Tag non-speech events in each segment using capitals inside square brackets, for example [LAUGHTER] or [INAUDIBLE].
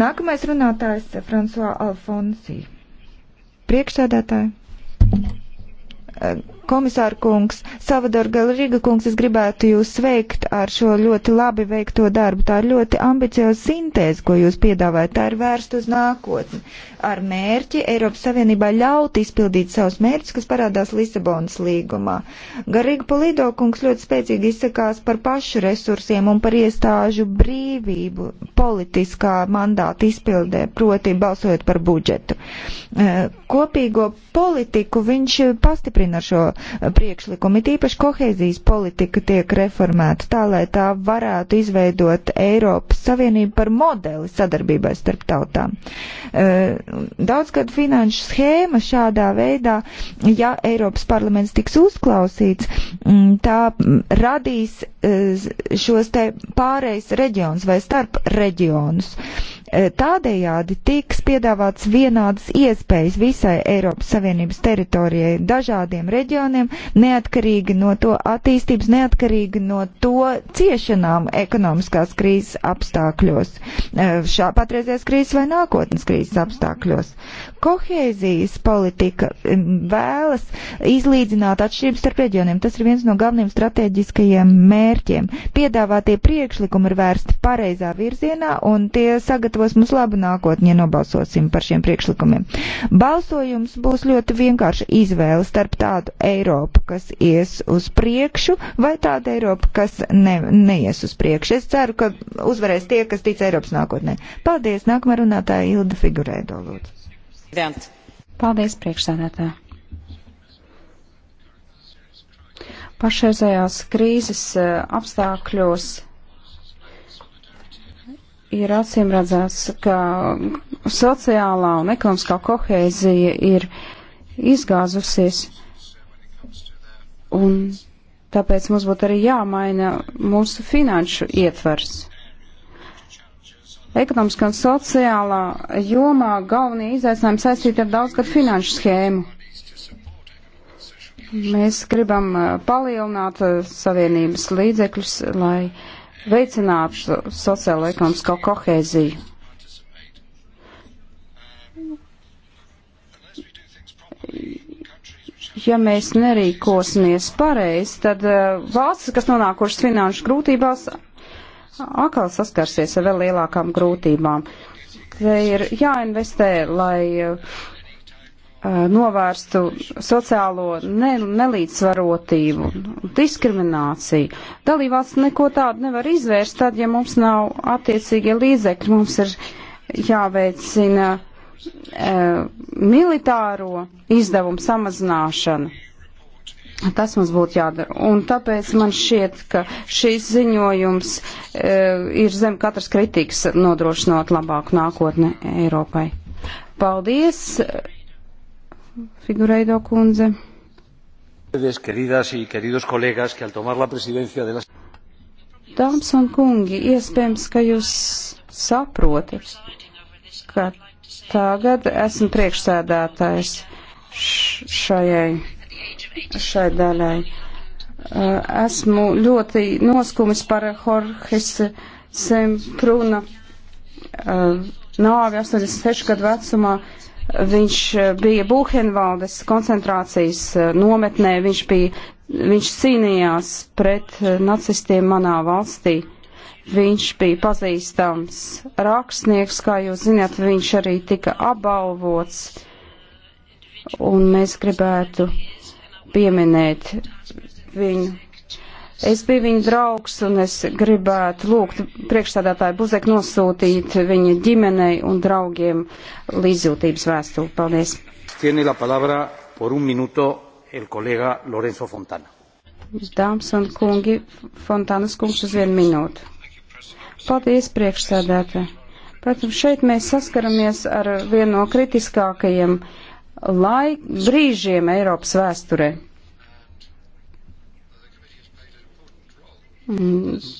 Nākamais runātājs eh, - Fransuā Alfonsī. Priekšsēdētāji eh, komisāra kungs, Salvador Galriga kungs, es gribētu jūs sveikt ar šo ļoti labi veikto darbu. Tā ir ļoti ambicioza sintēze, ko jūs piedāvājat. Tā ir vērsta uz nākotni. Ar mērķi Eiropas Savienībā ļaut izpildīt savus mērķus, kas parādās Lisabonas līgumā. Garriga Polido kungs ļoti spēcīgi izsakās par pašu resursiem un par iestāžu brīvību politiskā mandāta izpildē, proti balsojot par budžetu. Eh, kopīgo politiku viņš pastiprina ar šo eh, priekšlikumu īpaši kohēzijas politika tiek reformēta tā, lai tā varētu izveidot Eiropas Savienību par modeli sadarbībai starp tautām. E, Daudzgad finanšu schēma šādā veidā, ja Eiropas parlaments tiks uzklausīts, tā radīs e, šos te pārējais reģions vai starp reģionus. Eh, tādējādi tiks piedāvāts vienādas iespējas visai Eiropas Savienības teritorijai, dažādiem reģioniem, neatkarīgi no to attīstības, neatkarīgi no to ciešanām ekonomiskās krīzes apstākļos, eh, šā patreizējās krīzes vai nākotnes krīzes apstākļos. Kohēzijas politika vēlas izlīdzināt atšķirības starp reģioniem. Tas ir viens no galvenajiem strateģiskajiem mērķiem. Piedāvātie priekšlikumi ir vērsti pareizā virzienā un tie sagatavot sagatavos mums labu nākotni, ja nobalsosim par šiem priekšlikumiem. Balsojums būs ļoti vienkārši izvēle starp tādu Eiropu, kas ies uz priekšu, vai tādu Eiropu, kas ne, neies uz priekšu. Es ceru, ka uzvarēs tie, kas tic Eiropas nākotnē. Paldies! Nākamā runātāja Ilda Figurēdo, lūdzu. Paldies, priekšsēdētāji! pašreizējās krīzes eh, apstākļos ir acīm redzams, ka sociālā un ekonomiskā kohēzija ir izgāzusies. Un tāpēc mums būtu arī jāmaina mūsu finanšu ietvers. Ekonomiskā un sociālā jomā galvenie izaicinājumi saistīti ar daudzgad finanšu schēmu. Mēs gribam eh, palielināt eh, savienības līdzekļus, lai uh, veicinātu sociālo ekonomisko kohēziju. Ja mēs nerīkosimies pareizi, tad uh, valstis, kas nonākušas finanšu grūtībās, atkal saskarsies ar vēl lielākām grūtībām. Te ir jāinvestē, lai uh, novērstu sociālo ne, nelīdzsvarotību, diskrimināciju. Dalībvalsts neko tādu nevar izvērst, tad, ja mums nav attiecīgie līdzekļi, mums ir jāveicina e, militāro izdevumu samazināšana. Tas mums būtu jādara. Un tāpēc man šķiet, ka šīs ziņojums e, ir zem katras kritikas nodrošinot labāku nākotni Eiropai. Paldies! Figureido kundze. Dāmas un kungi, iespējams, ka jūs saprotat, ka tagad esmu priekšsēdētājs šajai, šai daļai. Esmu ļoti noskumis par Horhis Sempruna nāvi 86 gadu vecumā Viņš eh, bija Buhenvaldes koncentrācijas eh, nometnē, viņš, bija, viņš cīnījās pret eh, nacistiem manā valstī. Viņš bija pazīstams rakstnieks, kā jūs zināt, viņš arī tika apbalvots. Un mēs gribētu pieminēt viņu Es biju viņa draugs un es gribētu lūgt priekšstādātāju Buzek nosūtīt viņa ģimenei un draugiem līdzjūtības vēstuli. Paldies. Dāmas un kungi, Fontānas kungs uz vienu minūtu. Paldies, priekšsēdētāji. Protams, šeit mēs saskaramies ar vienu no kritiskākajiem laik brīžiem Eiropas vēsturē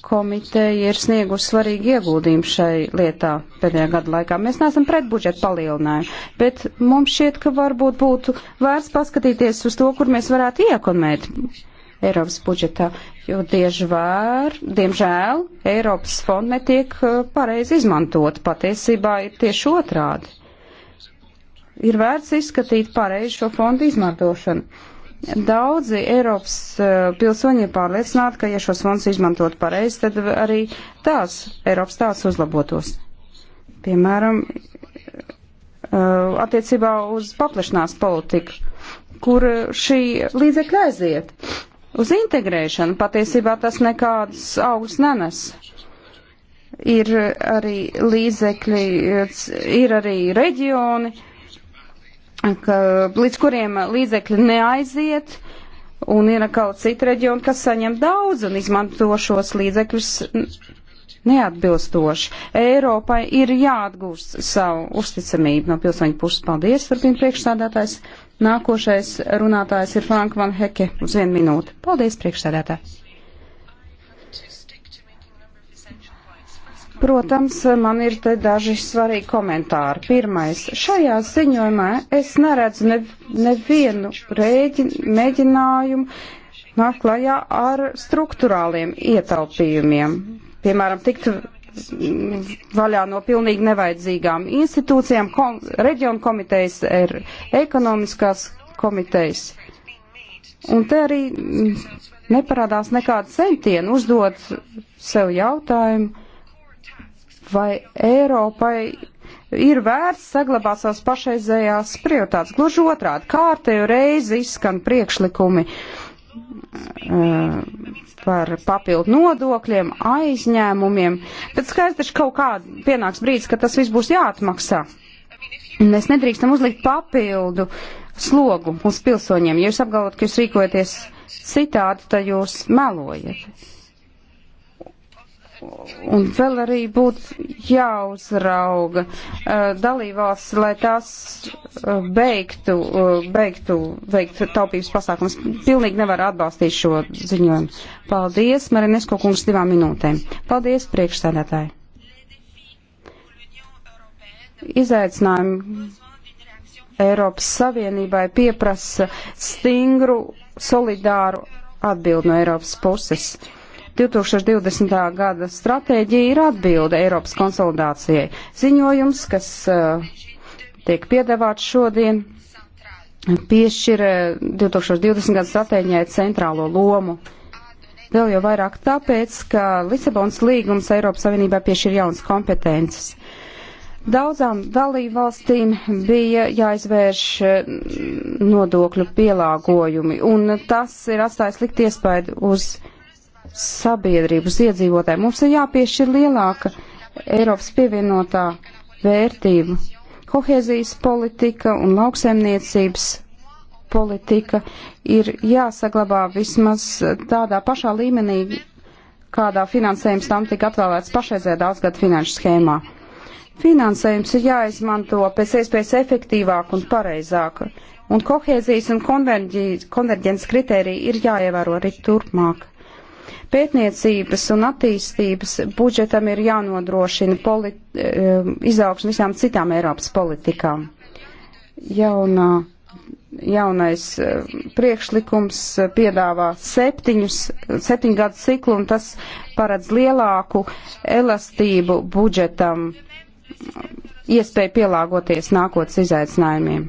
Komiteja ir sniegusi svarīgi ieguldījumu šai lietā pēdējā gada laikā. Mēs neesam pret budžetu palielinājumu, bet mums šķiet, ka varbūt būtu vērts paskatīties uz to, kur mēs varētu iekonmēt Eiropas budžetā, jo diežvēr, diemžēl Eiropas fonda netiek uh, pareizi izmantot. Patiesībā ir tieši otrādi. Ir vērts izskatīt pareizi šo fondu izmantošanu Daudzi Eiropas uh, pilsoņi ir pārliecināti, ka, ja šos fondus izmantot pareizi, tad arī tās Eiropas tās uzlabotos. Piemēram, uh, attiecībā uz paplašanās politiku, kur šī līdzekļa aiziet. Uz integrēšanu patiesībā tas nekādas augus nenes ir arī līdzekļi, eh, ir arī reģioni, ka, līdz kuriem līdzekļi neaiziet, un ir kaut citi reģioni, kas saņem daudz un izmanto šos līdzekļus neatbilstoši. Eiropai ir jāatgūst savu uzticamību no pilsoņu puses. Paldies, turpina priekšstādātājs. Nākošais runātājs ir Frank Van Heke uz vienu minūti. Paldies, priekšstādātājs. Protams, man ir te daži svarīgi komentāri. Pirmais, šajā ziņojumā es neredzu ne, nevienu rēģi, mēģinājumu nāk klajā ar struktūrāliem ietaupījumiem. Piemēram, tikt vaļā no pilnīgi nevajadzīgām institūcijām, kom, reģionu komitejas, er, ekonomiskās komitejas. Un te arī neparādās nekāda centiena uzdot sev jautājumu vai Eiropai ir vērts saglabāt savas pašreizējās prioritātes. Gluži otrādi, kārtējo reizi izskan priekšlikumi uh, par papildu nodokļiem, aizņēmumiem, bet skaidrs, taču kaut kā pienāks brīdis, ka tas viss būs jāatmaksā. Mēs nedrīkstam uzlikt papildu slogu uz pilsoņiem. Ja jūs apgalvot, ka jūs rīkojaties citādi, tad jūs melojat un vēl arī būtu jāuzrauga uh, dalībvalsts, lai tās uh, beigtu, uh, beigtu veikt taupības pasākumus. Pilnīgi nevar atbalstīt šo ziņojumu. Paldies, Marinesko kungs, divām minūtēm. Paldies, priekšsēdētāji. Izaicinājumi Eiropas Savienībai pieprasa stingru, solidāru atbildi no Eiropas puses. Uh, 2020. gada stratēģija ir atbilde Eiropas konsolidācijai. Ziņojums, kas uh, tiek piedāvāts šodien, piešķir 2020. Uh, gada stratēģijai centrālo lomu. Vēl jau vairāk tāpēc, ka Lisabonas līgums Eiropas Savienībā piešķir jaunas kompetences. Daudzām dalību valstīm bija jāizvērš uh, nodokļu pielāgojumi, un tas ir atstājis likt iespaidu uz sabiedrības iedzīvotāji. Mums ir jāpiešķir lielāka Eiropas pievienotā vērtība. Kohēzijas politika un lauksaimniecības politika ir jāsaglabā vismaz tādā pašā līmenī, kādā finansējums tam tika atvēlēts pašreizē daudzgad finanšu schēmā. Finansējums ir jāizmanto pēc iespējas efektīvāk un pareizāk, un kohēzijas un konverģences kritērija ir jāievēro arī turpmāk. Pētniecības un attīstības budžetam ir jānodrošina polit, eh, izaugsmu visām citām Eiropas politikām. Jaunā, jaunais eh, priekšlikums piedāvā septiņus, septiņu gadu ciklu, un tas paredz lielāku elastību budžetam, iespēju pielāgoties nākotnes izaicinājumiem.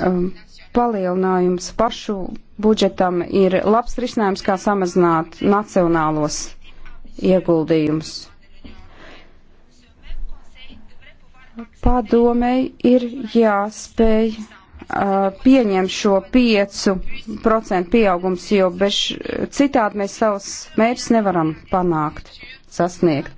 Um, palielinājums pašu budžetam ir labs risinājums, kā samazināt nacionālos ieguldījumus. Padomei ir jāspēj uh, pieņemt šo 5% pieaugums, jo bez citādi mēs savus mērķus nevaram panākt, sasniegt.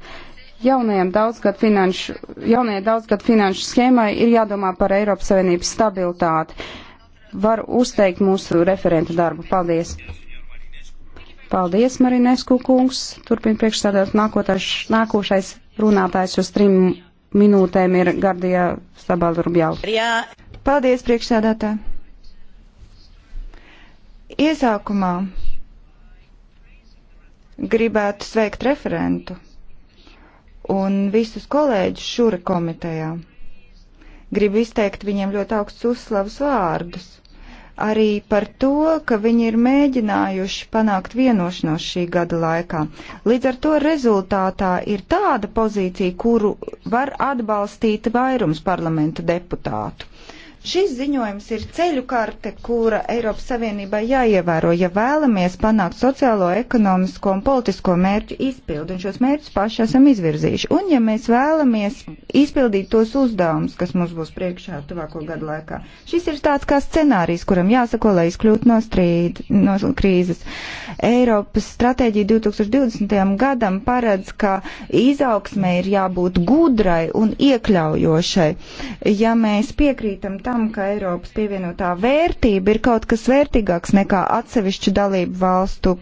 Jaunajam daudzgad finanšu, jaunajai daudzgad finanšu schēmai ir jādomā par Eiropas Savienības stabilitāti. Uh, varu uzteikt mūsu referenta darbu. Paldies! Paldies, Marinesku kungs! Turpin priekšstādāt nākošais runātājs uz trim minūtēm ir Gardija Stabalrubjau. Paldies, priekšstādātā! Iesākumā gribētu sveikt referentu un visus kolēģus šura komitejā gribu izteikt viņiem ļoti augstus uzslavas vārdus arī par to, ka viņi ir mēģinājuši panākt vienošanos šī gada laikā. Līdz ar to rezultātā ir tāda pozīcija, kuru var atbalstīt vairums parlamentu deputātu. Šis ziņojums ir ceļu karte, kura Eiropas Savienībai jāievēro, ja vēlamies panākt sociālo, ekonomisko un politisko mērķu izpildu, un šos mērķus paši esam izvirzījuši. Un ja mēs vēlamies izpildīt tos uzdevumus, kas mums būs priekšā tuvāko gadu laikā, šis ir tāds kā scenārijs, kuram jāsako, lai izkļūtu no strīda, no krīzes. Eiropas stratēģija 2020. gadam paredz, ka izaugsmē ir jābūt gudrai un iekļaujošai. Ja mēs piekrītam tā, tam, ka Eiropas pievienotā vērtība ir kaut kas vērtīgāks nekā atsevišķu dalību valstu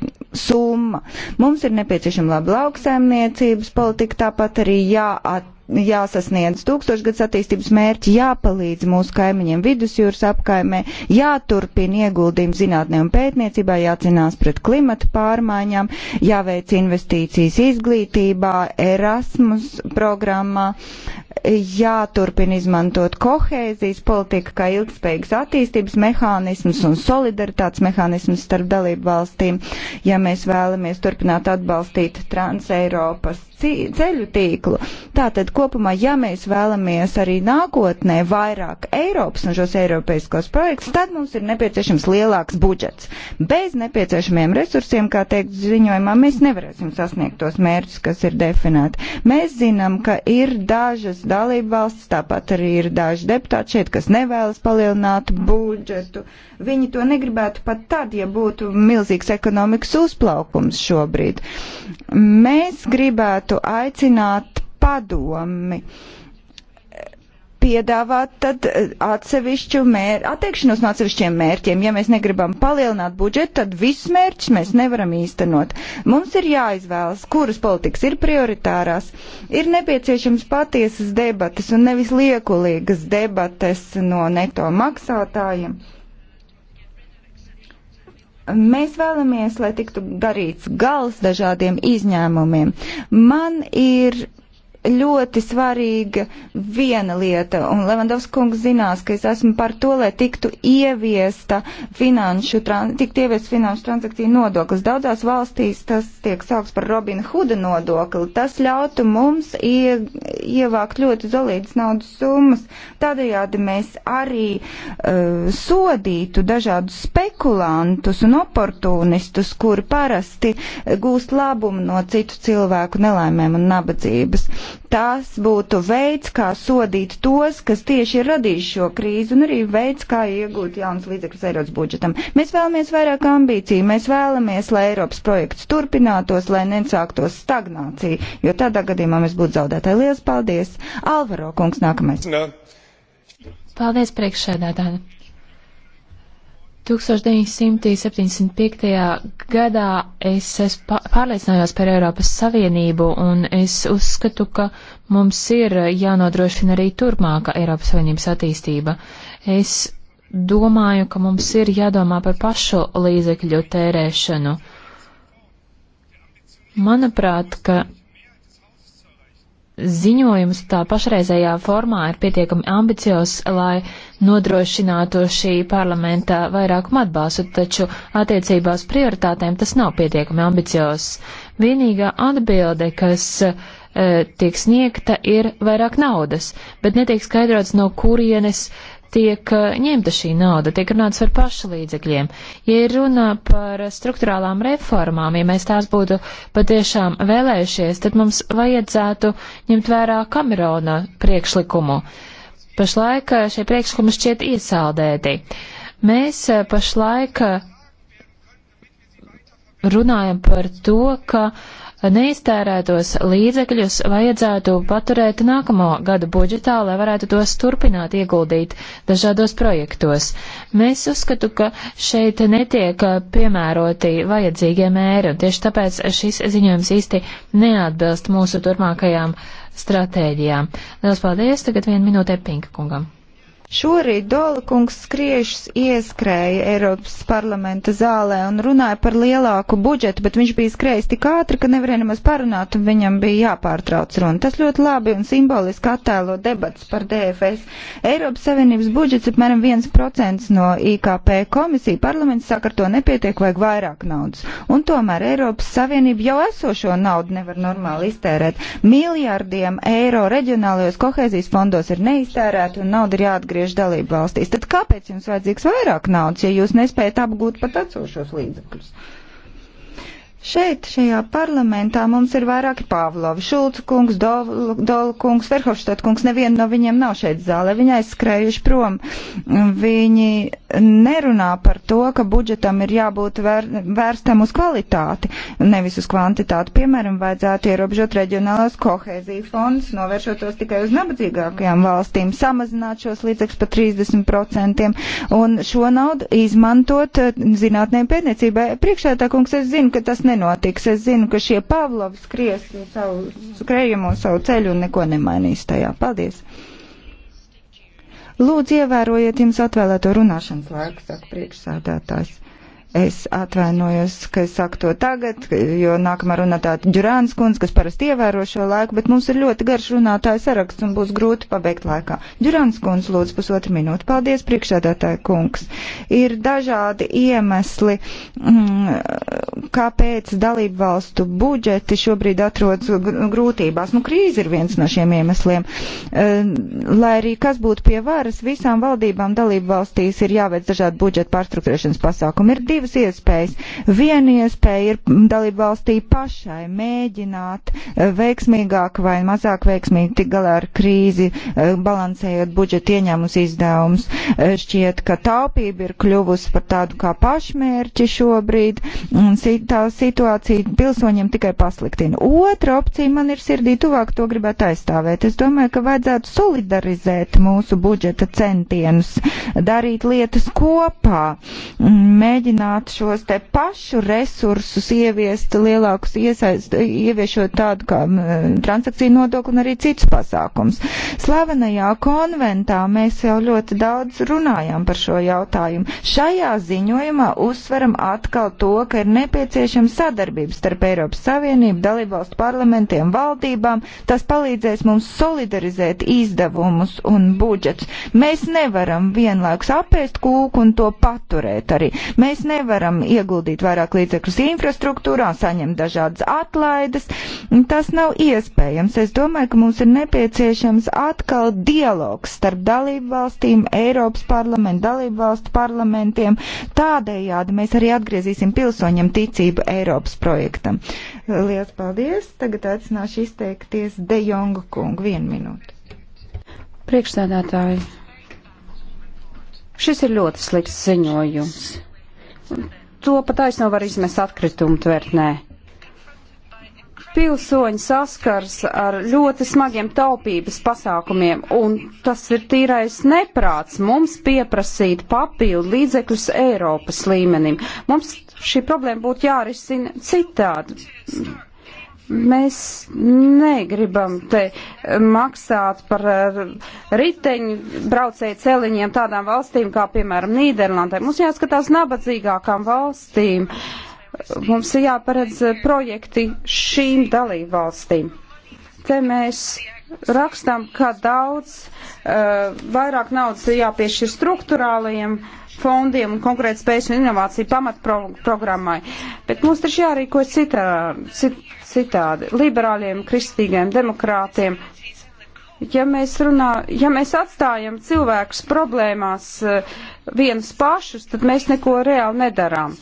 summa. Mums ir nepieciešama laba lauksaimniecības politika, tāpat arī jāattīst jāsasniedz tūkstošgads attīstības mērķi, jāpalīdz mūsu kaimiņiem vidusjūras apkaimē, jāturpina ieguldījumi zinātnē un pētniecībā, jācinās pret klimatu pārmaiņām, jāveic investīcijas izglītībā, Erasmus programmā, jāturpina izmantot kohēzijas politika kā ilgspējīgas attīstības mehānismus un solidaritātes mehānismus starp dalību valstīm, ja mēs vēlamies turpināt atbalstīt Transeiropas ceļu tīklu. Tātad kopumā, ja mēs vēlamies arī nākotnē vairāk Eiropas un šos eiropeiskos projektus, tad mums ir nepieciešams lielāks budžets. Bez nepieciešamiem resursiem, kā teikt ziņojumā, mēs nevarēsim sasniegt tos mērķus, kas ir definēti. Mēs zinām, ka ir dažas dalība valsts, tāpat arī ir daži deputāti šeit, kas nevēlas palielināt budžetu. Viņi to negribētu pat tad, ja būtu milzīgs ekonomikas uzplaukums šobrīd. Mēs gribētu gribētu aicināt padomi piedāvāt tad eh, atsevišķu mērķu, attiekšanos no atsevišķiem mērķiem. Ja mēs negribam palielināt budžetu, tad visus mērķus mēs nevaram īstenot. Mums ir jāizvēlas, kuras politikas ir prioritārās. Ir nepieciešams patiesas debates un nevis liekulīgas debates no neto maksātājiem. Mēs vēlamies, lai tiktu darīts gals dažādiem izņēmumiem. Man ir ļoti svarīga viena lieta, un Levandovs kungs zinās, ka es esmu par to, lai tiktu ieviesta finanšu, tiktu ieviesta finanšu transakciju nodoklis. Daudzās valstīs tas tiek saukts par Robina Huda nodokli. Tas ļautu mums ie, ievākt ļoti zolītas naudas summas. Tādējādi mēs arī uh, sodītu dažādus spekulantus un oportunistus, kuri parasti gūst labumu no citu cilvēku nelaimēm un nabadzības. Uh, Tas būtu veids, kā sodīt tos, kas tieši ir radījuši šo krīzi, un arī veids, kā iegūt jaunas līdzekļus Eiropas budžetam. Mēs vēlamies vairāk ambīciju, mēs vēlamies, lai Eiropas projekts turpinātos, lai nesāktos stagnācija, jo tādā gadījumā mēs būtu zaudētāji. Lielas paldies! Alvaro kungs nākamais. No. Paldies priekšsēdētāji! 1975. gadā es, es pārliecinājos par Eiropas Savienību, un es uzskatu, ka mums ir jānodrošina arī turpmāka Eiropas Savienības attīstība. Es domāju, ka mums ir jādomā par pašu līdzekļu tērēšanu. Manuprāt, ka ziņojums tā pašreizējā formā ir pietiekami ambiciozs, lai nodrošinātu šī parlamenta vairākumu atbalstu, taču attiecībā uz prioritātēm tas nav pietiekami ambiciozs. Vienīgā atbilde, kas e, tiek sniegta, ir vairāk naudas, bet netiek skaidrots, no kurienes tiek eh, ņemta šī nauda, tiek runāts par pašu līdzekļiem. Ja ir runa par struktūrālām reformām, ja mēs tās būtu patiešām vēlējušies, tad mums vajadzētu ņemt vērā Kamerona priekšlikumu. Pašlaik eh, šie priekšlikumi šķiet iesaldēti. Mēs eh, pašlaik runājam par to, ka uh, neiztērētos līdzekļus vajadzētu paturēt nākamo gada budžetā, lai varētu tos turpināt ieguldīt dažādos projektos. Mēs uzskatu, ka šeit netiek uh, piemēroti vajadzīgie mēri, un tieši tāpēc šis ziņojums īsti neatbilst mūsu turpmākajām stratēģijām. Lielas paldies, tagad vienu minūtē Pinka kungam. Šorīt Dolakungs skriešus ieskrēja Eiropas parlamenta zālē un runāja par lielāku budžetu, bet viņš bija skrējis tik ātri, ka nevarēja nemaz parunāt, un viņam bija jāpārtrauc runa. Tas ļoti labi un simboliski attēlo debats par DFS. Eiropas Savienības budžets apmēram 1% no IKP komisija. Parlaments saka, ar to nepietiek, vajag vairāk naudas. Un tomēr Eiropas Savienība jau esošo naudu nevar normāli iztērēt. Miljardiem eiro reģionālajos kohēzijas fondos ir neiztērēta un nauda ir jāatgriež jāatgriež dalību valstīs. Tad kāpēc jums vajadzīgs vairāk naudas, ja jūs nespējat apgūt pat atsošos līdzekļus? Šeit, šajā parlamentā, mums ir vairāki Pāvlovi, Šulca kungs, Dola Dol kungs, Verhofstadt kungs, neviena no viņiem nav šeit zālē, viņi aizskrējuši prom. Viņi nerunā par to, ka budžetam ir jābūt vēr, vērstam uz kvalitāti, nevis uz kvantitāti. Piemēram, vajadzētu ierobežot reģionālās kohēzija fonds, novēršotos tikai uz nabadzīgākajām valstīm, samazināt šos līdzekļus par 30% un šo naudu izmantot zinātnēm pētniecībai. Priekšētā kungs, es zinu, ka tas ne nenotiks. Es zinu, ka šie Pavlovi skries savu skrējumu un savu ceļu un neko nemainīs tajā. Paldies! Lūdzu, ievērojiet jums atvēlēto runāšanas laiku, saka priekšsādātājs. Es atvainojos, ka es saku to tagad, jo nākamā runā tāda Džurāns kundze, kas parasti ievēro šo laiku, bet mums ir ļoti garš runātāja saraksts un būs grūti pabeigt laikā. Džurāns kundze, lūdzu, pusotru minūti. Paldies, priekšsēdētāja kungs. Ir dažādi iemesli, mm, kāpēc dalību valstu budžeti šobrīd atrodas grūtībās. Nu, krīze ir viens no šiem iemesliem. E, lai arī kas būtu pie varas, visām valdībām dalību valstīs ir jāveic dažādi budžeta pārstruktūrēšanas pasākumi. Ir divi divas iespējas. Viena iespēja ir dalību valstī pašai mēģināt eh, veiksmīgāk vai mazāk veiksmīgi tik galā ar krīzi, eh, balansējot budžeta ieņēmus izdevumus. Eh, šķiet, ka taupība ir kļuvusi par tādu kā pašmērķi šobrīd, un tā situācija pilsoņiem tikai pasliktina. Otra opcija man ir sirdī tuvāk, to gribētu aizstāvēt. Es domāju, ka vajadzētu solidarizēt mūsu budžeta centienus, darīt lietas kopā, mēģināt palielināt šos te pašu resursus, ieviest lielākus iesaist, ieviešot tādu kā transakciju nodokli un arī citus pasākums. Slavenajā konventā mēs jau ļoti daudz runājām par šo jautājumu. Šajā ziņojumā uzsveram atkal to, ka ir nepieciešama sadarbība starp Eiropas Savienību, dalībvalstu parlamentiem, valdībām. Tas palīdzēs mums solidarizēt izdevumus un budžets. Mēs nevaram vienlaikus apēst kūku un to paturēt arī. Mēs nevaram nevaram ieguldīt vairāk līdzekļus infrastruktūrā, saņemt dažādas atlaides. Tas nav iespējams. Es domāju, ka mums ir nepieciešams atkal dialogs starp dalību valstīm, Eiropas parlamentu, dalību valstu parlamentiem. Tādējādi mēs arī atgriezīsim pilsoņiem ticību Eiropas projektam. Lielas paldies! Tagad aicināšu izteikties De Jonga kungu. Vienu minūti. Priekšsēdētāji, šis ir ļoti slikts ziņojums to pataisno var izmest atkritumu tvertnē. Pilsoņi saskars ar ļoti smagiem taupības pasākumiem, un tas ir tīrais neprāts mums pieprasīt papildu līdzekļus Eiropas līmenim. Mums šī problēma būtu jārisina citādi Mēs negribam te maksāt par eh, riteņu braucēju celiņiem tādām valstīm kā, piemēram, Nīderlandē. Mums jāskatās nabadzīgākām valstīm. Mums ir jāparedz projekti šīm dalībvalstīm. Te mēs rakstam, ka daudz uh, vairāk naudas ir jāpiešķir struktūrālajiem fondiem un konkrēti spējas un inovāciju pamatprogrammai. Bet mums taču jārīkojas citā, cit, citādi. Liberāļiem, kristīgiem, demokrātiem. Ja mēs, runā, ja mēs atstājam cilvēkus problēmās eh, vienus pašus, tad mēs neko reāli nedarām.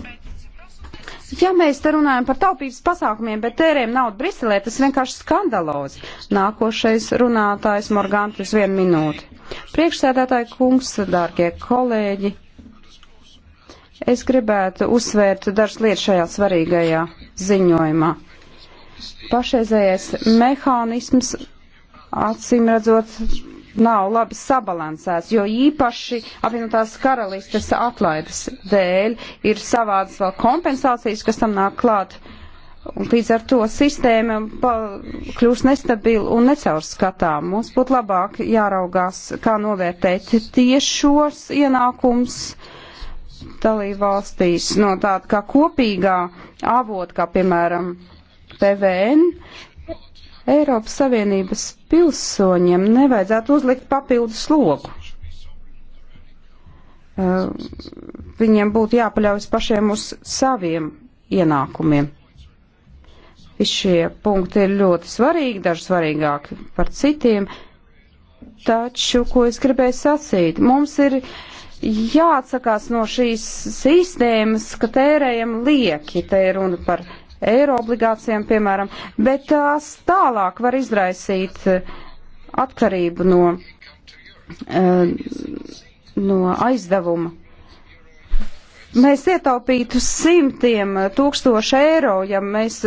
Ja mēs te runājam par taupības pasākumiem, bet tērējam naudu Briselē, tas vienkārši skandalozi. Nākošais runātājs Morgāns uz vienu minūti. Priekšsēdētāji kungs, dārgie kolēģi, es gribētu uzsvērt dažas lietas šajā svarīgajā ziņojumā pašreizējais mehānisms acīm redzot nav labi sabalansēts, jo īpaši apvienotās karalistes atlaides dēļ ir savādas vēl kompensācijas, kas tam nāk klāt. Un līdz ar to sistēma kļūst nestabila un necaurskatām. Mums būtu labāk jāraugās, kā novērtēt tiešos ienākums dalībvalstīs no tāda kā kopīgā avota, kā piemēram PVN, Eiropas Savienības pilsoņiem nevajadzētu uzlikt papildus slogu. Uh, viņiem būtu jāpaļaujas pašiem uz saviem ienākumiem. Visi šie punkti ir ļoti svarīgi, daži svarīgāki par citiem, taču, ko es gribēju sacīt, mums ir jāatsakās no šīs sistēmas, ka tērējam lieki, te ir runa par eiro obligācijām, piemēram, bet tās tālāk var izraisīt eh, atkarību no, eh, no aizdevuma. Mēs ietaupītu simtiem tūkstošu eiro, ja mēs,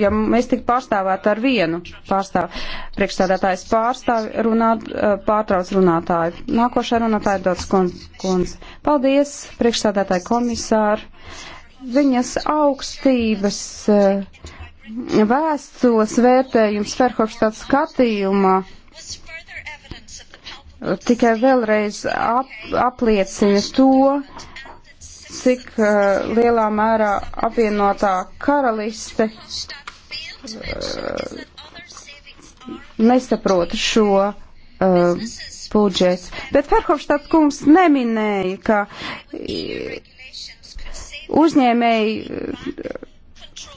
ja mēs tik pārstāvētu ar vienu pārstāvu. Priekšstādātājs pārstāv runāt, eh, pārtrauc runātāju. Nākošā runātāja dots kundze. Paldies, priekšstādātāji komisāri viņas augstības eh, vēstules vērtējums Ferhofstāts skatījumā tikai vēlreiz ap, apliecina to, cik uh, lielā mērā apvienotā karaliste uh, nesaprot šo uh, budžetu. Bet Ferhofstāts kungs neminēja, ka. Uh, Uzņēmēji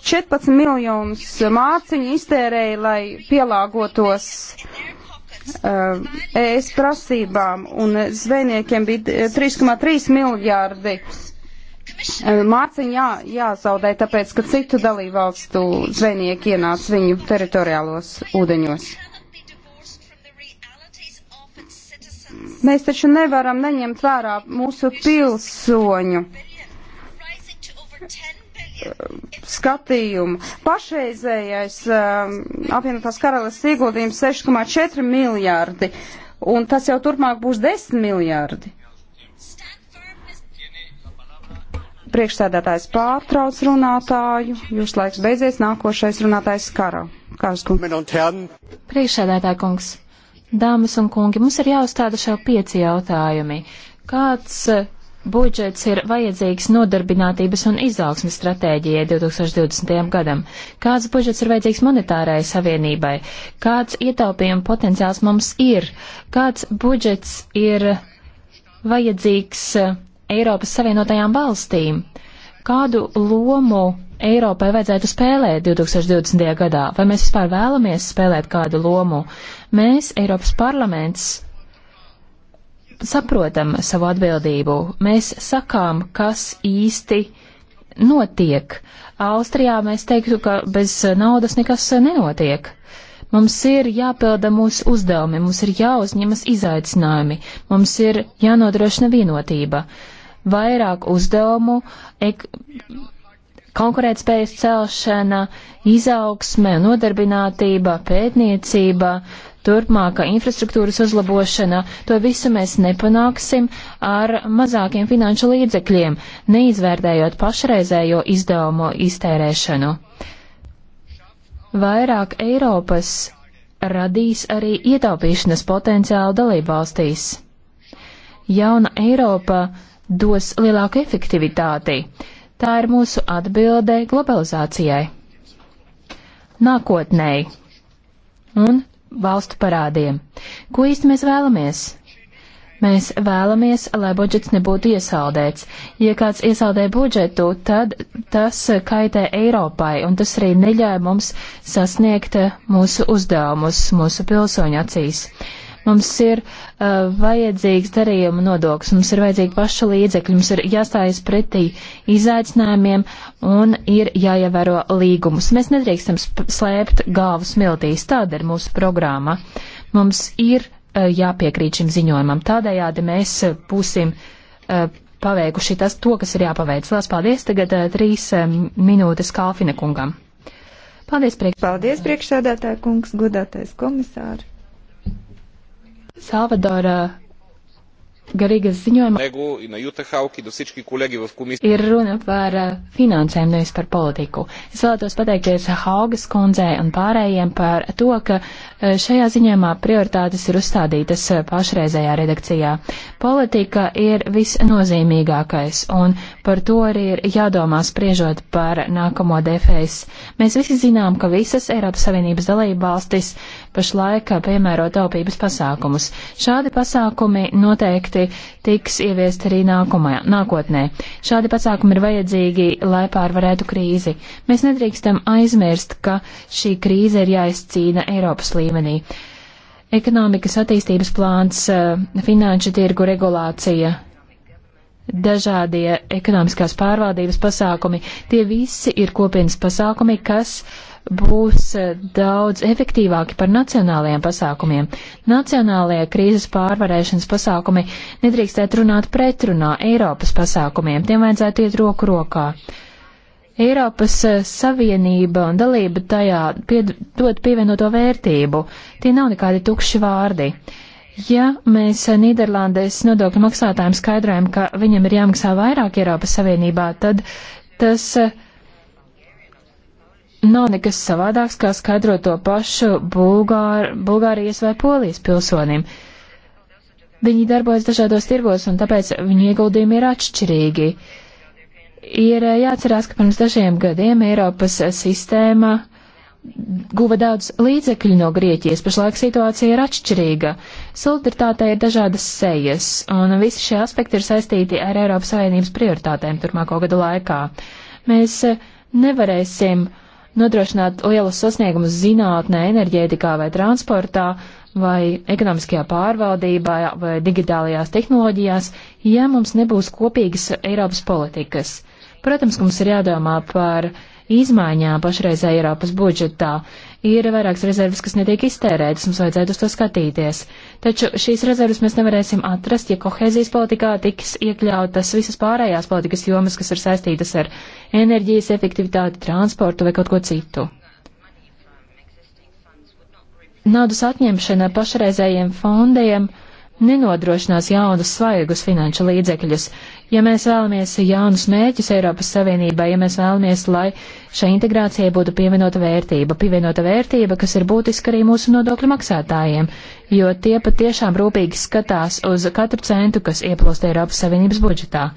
14 miljonus mārciņu iztērēja, lai pielāgotos uh, ES prasībām, un zvejniekiem bija 3,3 miljārdi uh, mārciņu jā, jāzaudē, tāpēc, ka citu dalībvalstu zvejnieki ienāca viņu teritoriālos ūdeņos. Mēs taču nevaram neņemt vērā mūsu pilsoņu Um, skatījumu. Pašreizējais um, apvienotās karalists ieguldījums 6,4 miljārdi, un tas jau turpmāk būs 10 miljārdi. Priekšsēdētājs pārtrauc runātāju, jūs laiks beidzies, nākošais runātājs Kara. Priekšsēdētāja kungs, dāmas un kungi, mums ir jāuzstāda šau pieci jautājumi. Kāds budžets ir vajadzīgs nodarbinātības un izaugsmes stratēģijai 2020. gadam? Kāds budžets ir vajadzīgs monetārai savienībai? Kāds ietaupījuma potenciāls mums ir? Kāds budžets ir vajadzīgs eh, Eiropas Savienotajām valstīm? Kādu lomu Eiropai vajadzētu spēlēt 2020. gadā? Vai mēs vispār vēlamies spēlēt kādu lomu? Mēs, Eiropas parlaments, saprotam savu atbildību. Mēs sakām, kas īsti notiek. Austrijā mēs teiktu, ka bez naudas nekas nenotiek. Mums ir jāpilda mūsu uzdevumi, mums ir jāuzņemas izaicinājumi, mums ir jānodrošina vienotība. Vairāk uzdevumu, ek, konkurētspējas celšana, izaugsme, nodarbinātība, pētniecība, turpmāka infrastruktūras uzlabošana, to visu mēs nepanāksim ar mazākiem finanšu līdzekļiem, neizvērtējot pašreizējo izdevumu iztērēšanu. Vairāk Eiropas radīs arī ietaupīšanas potenciālu dalību valstīs. Jauna Eiropa dos lielāku efektivitāti. Tā ir mūsu atbilde globalizācijai. Nākotnēji. Un valstu parādiem. Ko īsti mēs vēlamies? Mēs vēlamies, lai budžets nebūtu iesaldēts. Ja kāds iesaldē budžetu, tad tas kaitē Eiropai, un tas arī neļauj mums sasniegt mūsu uzdevumus mūsu pilsoņu acīs. Mums ir uh, vajadzīgs darījuma nodoklis, mums ir vajadzīgi pašu līdzekļi, mums ir jāstājas pretī izaicinājumiem un ir jāievēro līgumus. Mēs nedrīkstam slēpt galvu smiltīs, tāda ir mūsu programma. Mums ir uh, jāpiekrīt šim ziņojumam, tādējādi mēs uh, būsim. Uh, paveikuši tas, to, kas ir jāpaveic. Lielas paldies tagad uh, trīs um, minūtes Kalfina kungam. Paldies, priekš... paldies priekšsēdētāja kungs, godātais komisāri. Salvadora garīgas ziņojumā ir runa par uh, finansēm, nevis par politiku. Es vēlētos pateikties Haugas kundzei un pārējiem par to, ka uh, šajā ziņojumā prioritātes ir uzstādītas uh, pašreizējā redakcijā. Politika ir visnozīmīgākais, un par to arī ir jādomā spriežot par nākamo DFS. Mēs visi zinām, ka visas Eiropas Savienības dalība valstis pašlaik piemēro taupības pasākumus. Šādi pasākumi noteikti tiks ieviest arī nākumā, nākotnē. Šādi pasākumi ir vajadzīgi, lai pārvarētu krīzi. Mēs nedrīkstam aizmirst, ka šī krīze ir jāizcīna Eiropas līmenī. Ekonomikas attīstības plāns, eh, finanšu tirgu regulācija, dažādie ekonomiskās pārvaldības pasākumi, tie visi ir kopienas pasākumi, kas uh, būs eh, daudz efektīvāki par nacionālajiem pasākumiem. Nacionālajie krīzes pārvarēšanas pasākumi nedrīkstētu runāt pretrunā Eiropas pasākumiem, tiem vajadzētu iet roku rokā. Eiropas eh, Savienība un dalība tajā pied, dod pievienoto vērtību. Tie nav nekādi tukši vārdi. Ja mēs eh, Nīderlandēs nodokļu maksātājiem skaidrojam, ka viņam ir jāmaksā vairāk Eiropas Savienībā, tad tas uh, nav nekas savādāks, kā skaidrot to pašu Bulgār, Bulgārijas vai Polijas pilsonim. Viņi darbojas dažādos tirgos, un tāpēc viņu ieguldījumi ir atšķirīgi. Ir eh, jāatcerās, ka pirms dažiem gadiem Eiropas sistēma guva daudz līdzekļu no Grieķijas, pašlaik situācija ir atšķirīga. Solidaritātei ir dažādas sejas, un visi šie aspekti ir saistīti ar Eiropas Savienības prioritātēm turpmāko gadu laikā. Mēs eh, nevarēsim uh, nodrošināt lielus sasniegumus zinātnē, enerģētikā vai transportā, vai ekonomiskajā pārvaldībā, vai digitālajās tehnoloģijās, ja mums nebūs kopīgas Eiropas politikas. Protams, ka mums ir jādomā par uh, izmaiņām pašreizē Eiropas budžetā. Ir vairākas rezerves, kas netiek iztērētas, mums vajadzētu uz to skatīties. Taču šīs rezerves mēs nevarēsim atrast, ja kohēzijas politikā tiks iekļautas visas pārējās politikas jomas, kas ir saistītas ar enerģijas efektivitāti, transportu vai kaut ko citu. Naudas atņemšana pašreizējiem fondiem nenodrošinās jaunus svaigus finanšu līdzekļus. Ja mēs vēlamies jaunus mērķus Eiropas Savienībai, ja mēs vēlamies, lai šai integrācijai būtu pievienota vērtība, pievienota vērtība, kas ir būtiska arī mūsu nodokļu maksātājiem, jo tie patiešām rūpīgi skatās uz katru centu, kas ieplūst Eiropas Savienības budžetā.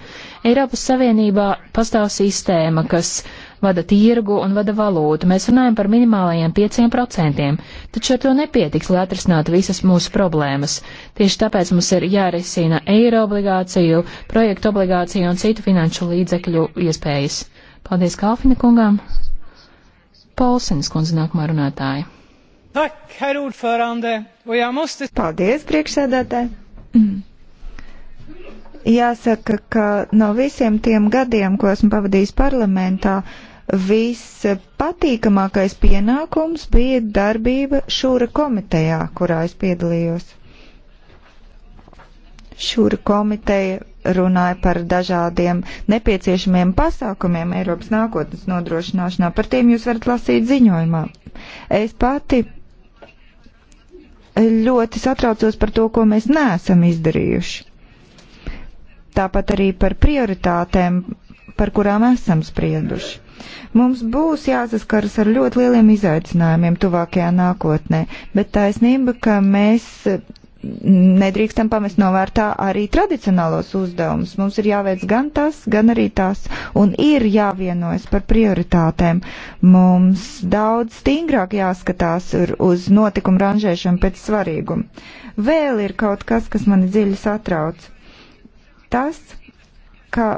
Eiropas Savienībā pastāv sistēma, kas vada tirgu un vada valūtu. Mēs runājam par minimālajiem 5%, taču ar to nepietiks, lai atrisinātu visas mūsu problēmas. Tieši tāpēc mums ir jārisina eiro obligāciju, projektu obligāciju un citu finanšu līdzekļu iespējas. Paldies Kalfina kungām. Polsenis kundze nākamā runātāja. Paldies, priekšsēdētāji! Mm. Jāsaka, ka no visiem tiem gadiem, ko esmu pavadījis parlamentā, Vispatīkamākais pienākums bija darbība šūra komitejā, kurā es piedalījos. Šūra komiteja runāja par dažādiem nepieciešamiem pasākumiem Eiropas nākotnes nodrošināšanā. Par tiem jūs varat lasīt ziņojumā. Es pati ļoti satraucos par to, ko mēs neesam izdarījuši. Tāpat arī par prioritātēm par kurām esam sprieduši. Mums būs jāsaskaras ar ļoti lieliem izaicinājumiem tuvākajā nākotnē, bet taisnība, ka mēs eh, nedrīkstam pamest novērtā arī tradicionālos uzdevumus. Mums ir jāveic gan tas, gan arī tas, un ir jāvienojas par prioritātēm. Mums daudz stingrāk jāskatās uz notikumu ranžēšanu pēc svarīguma. Vēl ir kaut kas, kas mani dziļi satrauc. Tas, ka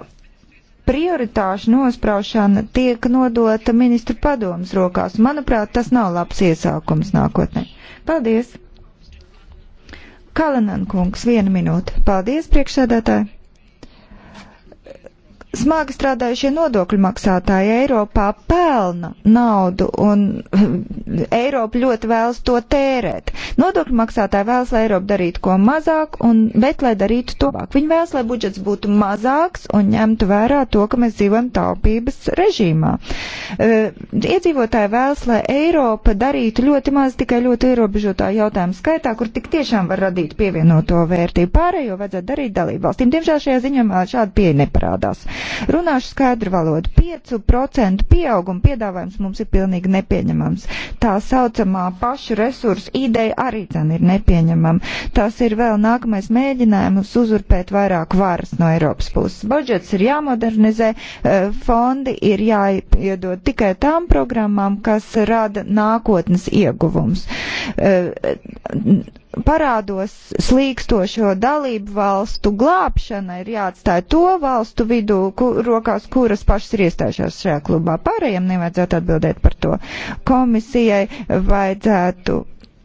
prioritāšu nospraušana tiek nodota ministru padomas rokās. Manuprāt, tas nav labs iesākums nākotnē. Paldies! Kalanan kungs, viena minūte. Paldies, priekšsēdētāji! smagi strādājušie nodokļu maksātāji Eiropā pelna naudu un [LAUGHS] Eiropa ļoti vēlas to tērēt. Nodokļu maksātāji vēlas, lai Eiropa darītu ko mazāk, un, bet lai darītu to labāk. Viņi vēlas, lai budžets būtu mazāks un ņemtu vērā to, ka mēs dzīvojam taupības režīmā. Uh, iedzīvotāji vēlas, lai Eiropa darītu ļoti maz tikai ļoti ierobežotā jautājuma skaitā, kur tik tiešām var radīt pievienoto vērtību. Pārējo vajadzētu darīt dalību valstīm. Diemžēl šajā ziņojumā šāda pieeja neparādās. Runāšu skaidru valodu. 5% pieauguma piedāvājums mums ir pilnīgi nepieņemams. Tā saucamā pašu resursu ideja arī dzen ir nepieņemama. Tas ir vēl nākamais mēģinājums uzurpēt vairāk varas no Eiropas puses. Budžets ir jāmodernizē, e, fondi ir jāiedod tikai tām programmām, kas rada nākotnes ieguvums. E, parādos slīkstošo dalību valstu glābšana ir jāatstāja to valstu vidū, kur, rokās, kuras pašas ir iestājušās šajā klubā. Pārējiem nevajadzētu atbildēt par to. Komisijai vajadzētu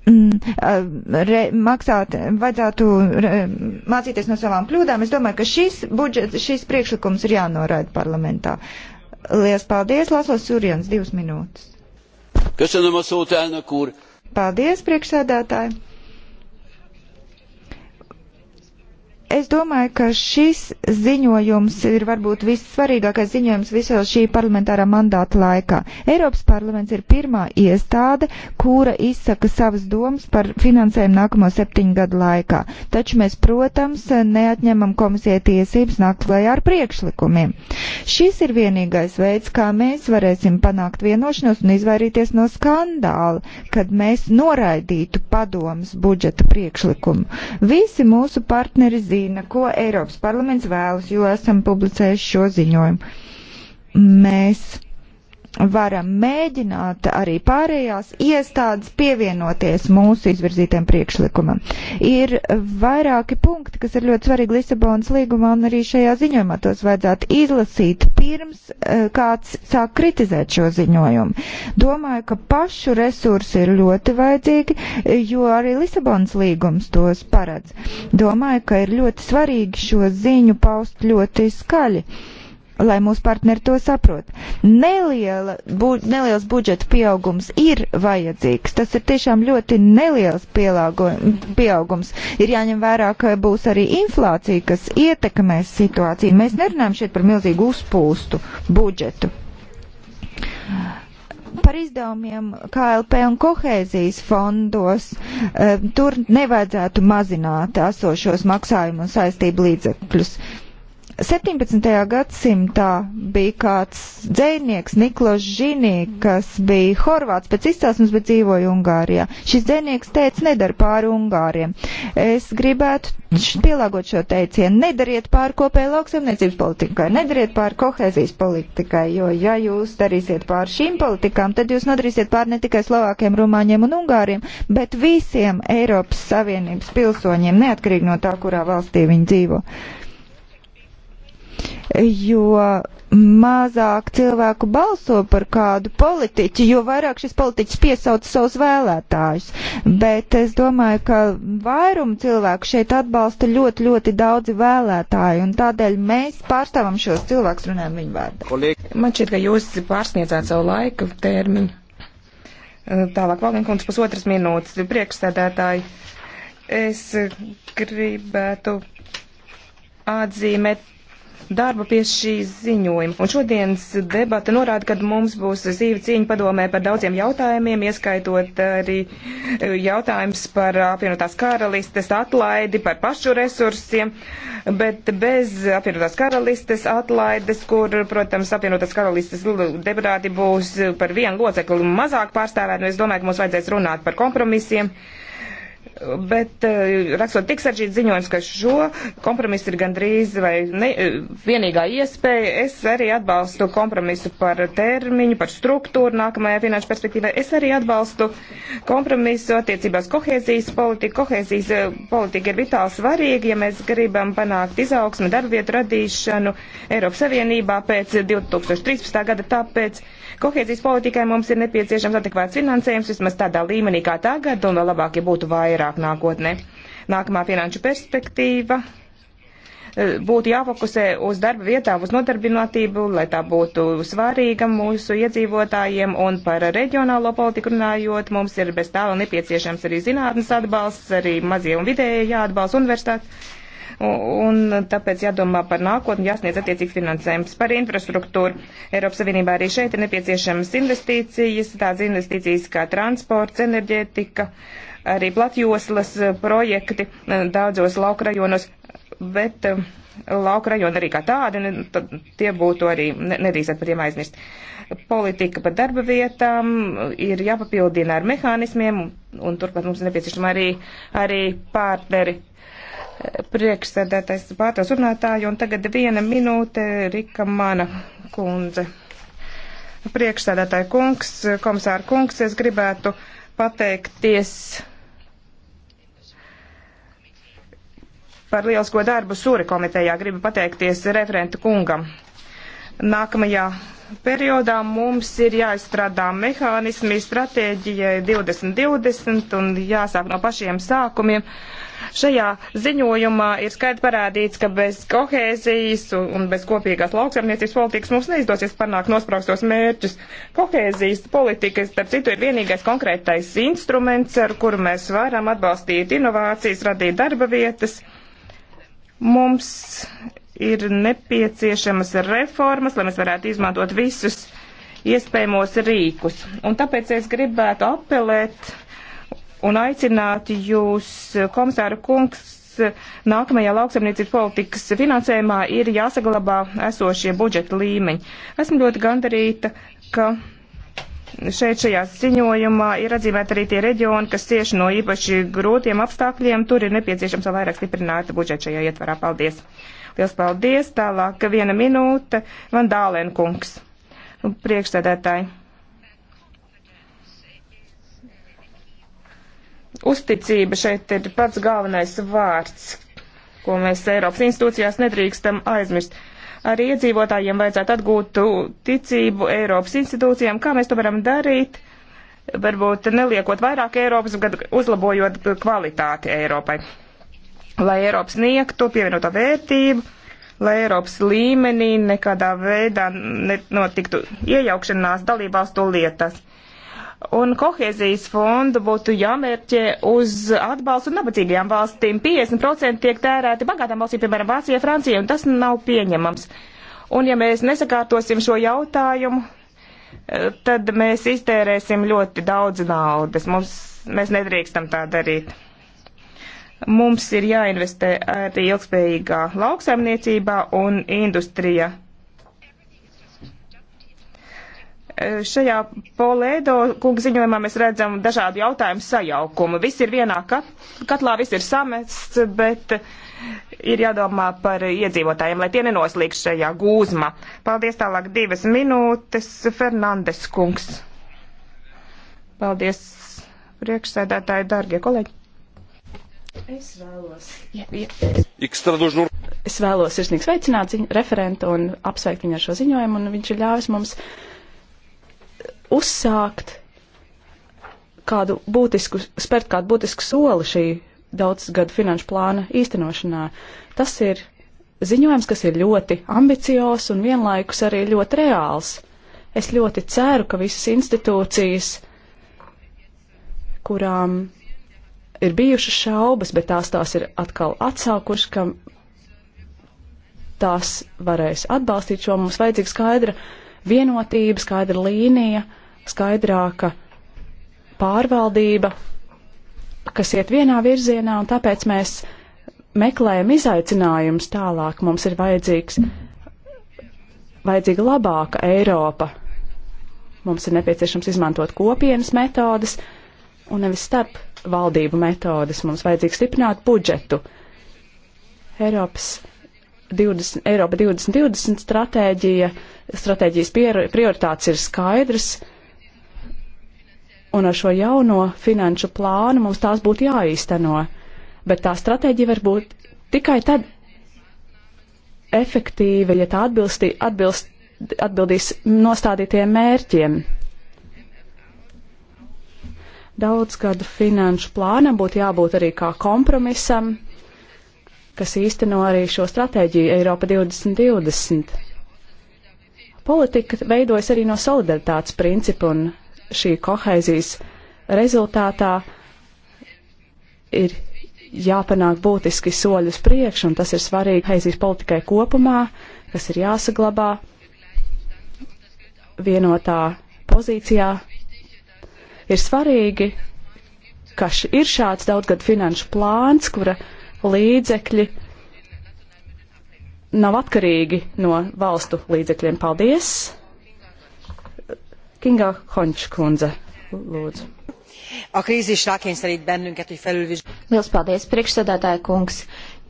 mm, re, maksāt, vajadzētu re, mācīties no savām kļūdām. Es domāju, ka šis, budžet, šis priekšlikums ir jānoraida parlamentā. Lielas paldies, Laslos Surjans, divas minūtes. Köszönöm a szót, elnök úr! Paldies, priekšsēdētāji! Es domāju, ka šis ziņojums ir varbūt vissvarīgākais ziņojums visā šī parlamentārā mandāta laikā. Eiropas parlaments ir pirmā iestāde, kura izsaka savas domas par finansējumu nākamo septiņu gadu laikā. Taču mēs, protams, neatņemam komisijai tiesības nākt klajā ar priekšlikumiem. Šis ir vienīgais veids, kā mēs varēsim panākt vienošanos un izvairīties no skandāla, kad mēs noraidītu padomas budžeta priekšlikumu. Visi mūsu partneri zina, zina, ko Eiropas parlaments vēlas, jo esam publicējuši šo ziņojumu. Mēs varam mēģināt arī pārējās iestādes pievienoties mūsu izvirzītiem priekšlikumam. Ir vairāki punkti, kas ir ļoti svarīgi Lisabonas līgumā un arī šajā ziņojumā tos vajadzētu izlasīt pirms eh, kāds sāk kritizēt šo ziņojumu. Domāju, ka pašu resursi ir ļoti vajadzīgi, jo arī Lisabonas līgums tos paredz. Domāju, ka ir ļoti svarīgi šo ziņu paust ļoti skaļi lai mūsu partneri to saprot. Neliela, bu, neliels budžeta pieaugums ir vajadzīgs. Tas ir tiešām ļoti neliels pielāgo, pieaugums. Ir jāņem vērā, ka būs arī inflācija, kas ietekmēs situāciju. Mēs nerunājam šeit par milzīgu uzpūstu budžetu par izdevumiem KLP un kohēzijas fondos, eh, tur nevajadzētu mazināt esošos maksājumu un saistību līdzekļus. 17. gadsimtā bija kāds dzēnieks Niklaus Žinī, kas bija horvāts pēc izcelsmes, bet dzīvoja Ungārijā. Šis dzēnieks teica, nedara pāri Ungāriem. Es gribētu pielāgot šo teicienu, nedariet pāri kopēji lauksaimniecības politikai, nedariet pāri kohēzijas politikai, jo ja jūs darīsiet pāri šīm politikām, tad jūs nodarīsiet pāri ne tikai Slovākiem, Rumāņiem un Ungāriem, bet visiem Eiropas Savienības pilsoņiem, neatkarīgi no tā, kurā valstī viņi dzīvo jo mazāk cilvēku balso par kādu politiķu, jo vairāk šis politiķis piesauc savus vēlētājus. Bet es domāju, ka vairumu cilvēku šeit atbalsta ļoti, ļoti daudzi vēlētāji, un tādēļ mēs pārstāvam šos cilvēkus, runājam viņu vārdā. Man šķiet, ka jūs pārsniedzāt savu laiku termiņu. Tālāk, Valdenkundze, pusotras minūtes. Priekšsēdētāji, es gribētu atzīmēt darbu pie šī ziņojuma. Un šodienas debata norāda, ka mums būs zīve cīņa padomē par daudziem jautājumiem, ieskaitot arī eh, jautājums par apvienotās karalistes atlaidi, par pašu resursiem, bet bez apvienotās karalistes atlaides, kur, protams, apvienotās karalistes deputāti būs par vienu locekli mazāk pārstāvēt, nu es domāju, ka mums vajadzēs runāt par kompromisiem. Uh, bet eh, rakstot tik saržīt ziņojums, ka šo kompromisu ir gandrīz vai ne, eh, vienīgā iespēja, es arī atbalstu kompromisu par termiņu, par struktūru nākamajā finanšu perspektīvā. Es arī atbalstu kompromisu attiecībās kohēzijas politika. Kohēzijas eh, politika ir vitāli svarīga, ja mēs gribam panākt izaugsmu, darbvietu radīšanu Eiropas Savienībā pēc 2013. gada. Tāpēc Kohēzijas politikai mums ir nepieciešams adekvāts finansējums vismaz tādā līmenī kā tagad, un vēl labāk, ja būtu vairāk nākotnē. Nākamā finanšu perspektīva eh, būtu jāfokusē uz darba vietām, uz nodarbinātību, lai tā būtu svarīga mūsu iedzīvotājiem. Un par reģionālo politiku runājot, mums ir bez tā vēl nepieciešams arī zinātnes atbalsts, arī mazie un vidēji jāatbalsta universitātes un tāpēc jādomā par nākotni, jāsniedz attiecīgs finansējums par infrastruktūru. Eiropas Savienībā arī šeit ir nepieciešamas investīcijas, tādas investīcijas kā transports, enerģētika, arī platjoslas projekti eh, daudzos lauka rajonos, bet eh, lauka rajoni arī kā tādi, ne, tie būtu arī, ne, nedrīkstētu par tiem aizmirst. Politika par darba vietām eh, ir jāpapildina ar mehānismiem, un turpat mums nepieciešama arī, arī partneri priekšsēdētais pārtos runātāju, un tagad viena minūte Rika Mana kundze. Priekšsēdētāja kungs, komisāra kungs, es gribētu pateikties par lielisko darbu Sūri komitejā, gribu pateikties referenta kungam. Nākamajā periodā mums ir jāizstrādā mehānismi stratēģijai 2020 un jāsāk no pašiem sākumiem. Šajā ziņojumā ir skaidri parādīts, ka bez kohēzijas un bez kopīgās lauksaimniecības politikas mums neizdosies panākt nospraustos mērķus. Kohēzijas politika, starp citu, ir vienīgais konkrētais instruments, ar kuru mēs varam atbalstīt inovācijas, radīt darba vietas. Mums ir nepieciešamas reformas, lai mēs varētu izmantot visus iespējamos rīkus. Un tāpēc es gribētu apelēt un aicināt jūs, komisāra kungs, nākamajā lauksaimniecības politikas finansējumā ir jāsaglabā esošie budžeta līmeņi. Esmu ļoti gandarīta, ka šeit šajā ziņojumā ir atzīmēta arī tie reģioni, kas cieši no īpaši grūtiem apstākļiem. Tur ir nepieciešams vēl vairāk stiprināta budžeta šajā ietvarā. Paldies! Liels paldies. Tālāk viena minūte. Van Dālenkungs. Priekšsēdētāji. Uzticība šeit ir pats galvenais vārds, ko mēs Eiropas institūcijās nedrīkstam aizmirst. Arī iedzīvotājiem vajadzētu atgūt ticību Eiropas institūcijām, kā mēs to varam darīt, varbūt neliekot vairāk Eiropas, bet uzlabojot kvalitāti Eiropai lai Eiropas sniegtu pievienoto vērtību, lai Eiropas līmenī nekādā veidā nenotiktu iejaukšanās dalībvalstu lietas. Un kohēzijas fonda būtu jāmērķē uz atbalstu nabadzīgajām valstīm. 50% tiek tērēti bagātām valstīm, piemēram, Vācijai, Francijai, un tas nav pieņemams. Un ja mēs nesakārtosim šo jautājumu, tad mēs iztērēsim ļoti daudz naudas. Mums, mēs nedrīkstam tā darīt. Mums ir jāinvestē arī ilgspējīgā lauksaimniecībā un industrijā. Šajā Polēdo kunga ziņojumā mēs redzam dažādu jautājumu sajaukumu. Viss ir vienā kat katlā, viss ir samests, bet ir jādomā par iedzīvotājiem, lai tie nenoslīgs šajā gūzmā. Paldies tālāk divas minūtes, Fernandes kungs. Paldies, priekšsēdētāji, dargie kolēģi. Es vēlos. Ja, ja. Es vēlos sirsnīgi sveicināt ziņu, referentu un apsveikt viņu ar šo ziņojumu, un viņš ir ļāvis mums uzsākt kādu būtisku, spērt kādu būtisku soli šī daudzgadu finanšu plāna īstenošanā. Tas ir ziņojums, kas ir ļoti ambiciozs un vienlaikus arī ļoti reāls. Es ļoti ceru, ka visas institūcijas, kurām ir bijušas šaubas, bet tās tās ir atkal atsākušas, ka tās varēs atbalstīt šo mums vajadzīga skaidra vienotība, skaidra līnija, skaidrāka pārvaldība, kas iet vienā virzienā, un tāpēc mēs meklējam izaicinājumus tālāk. Mums ir vajadzīgs, vajadzīga labāka Eiropa. Mums ir nepieciešams izmantot kopienas metodas un nevis starp valdību metodas. Mums vajadzīgi stiprināt budžetu. Eiropas 20, Eiropa 2020 stratēģija, stratēģijas pier, prioritātes ir skaidrs, un ar šo jauno finanšu plānu mums tās būtu jāīsteno. Bet tā stratēģija var būt tikai tad efektīva, ja tā atbilstī, atbilst, atbildīs nostādītiem mērķiem. Daudzgadu finanšu plānam būtu jābūt arī kā kompromisam, kas īsteno arī šo stratēģiju Eiropa 2020. Politika veidojas arī no solidaritātes principa un šī koheizijas rezultātā ir jāpanāk būtiski soļi uz priekšu, un tas ir svarīgi heizijas politikai kopumā, kas ir jāsaglabā vienotā pozīcijā ir svarīgi, ka ir šāds daudzgad finanšu plāns, kura līdzekļi nav atkarīgi no valstu līdzekļiem. Paldies! Kinga Hončkundze, lūdzu. A krīzis rákényszerít bennünket, hogy felülvizsgáljuk. Liels paldies, priekšsēdētāja kungs!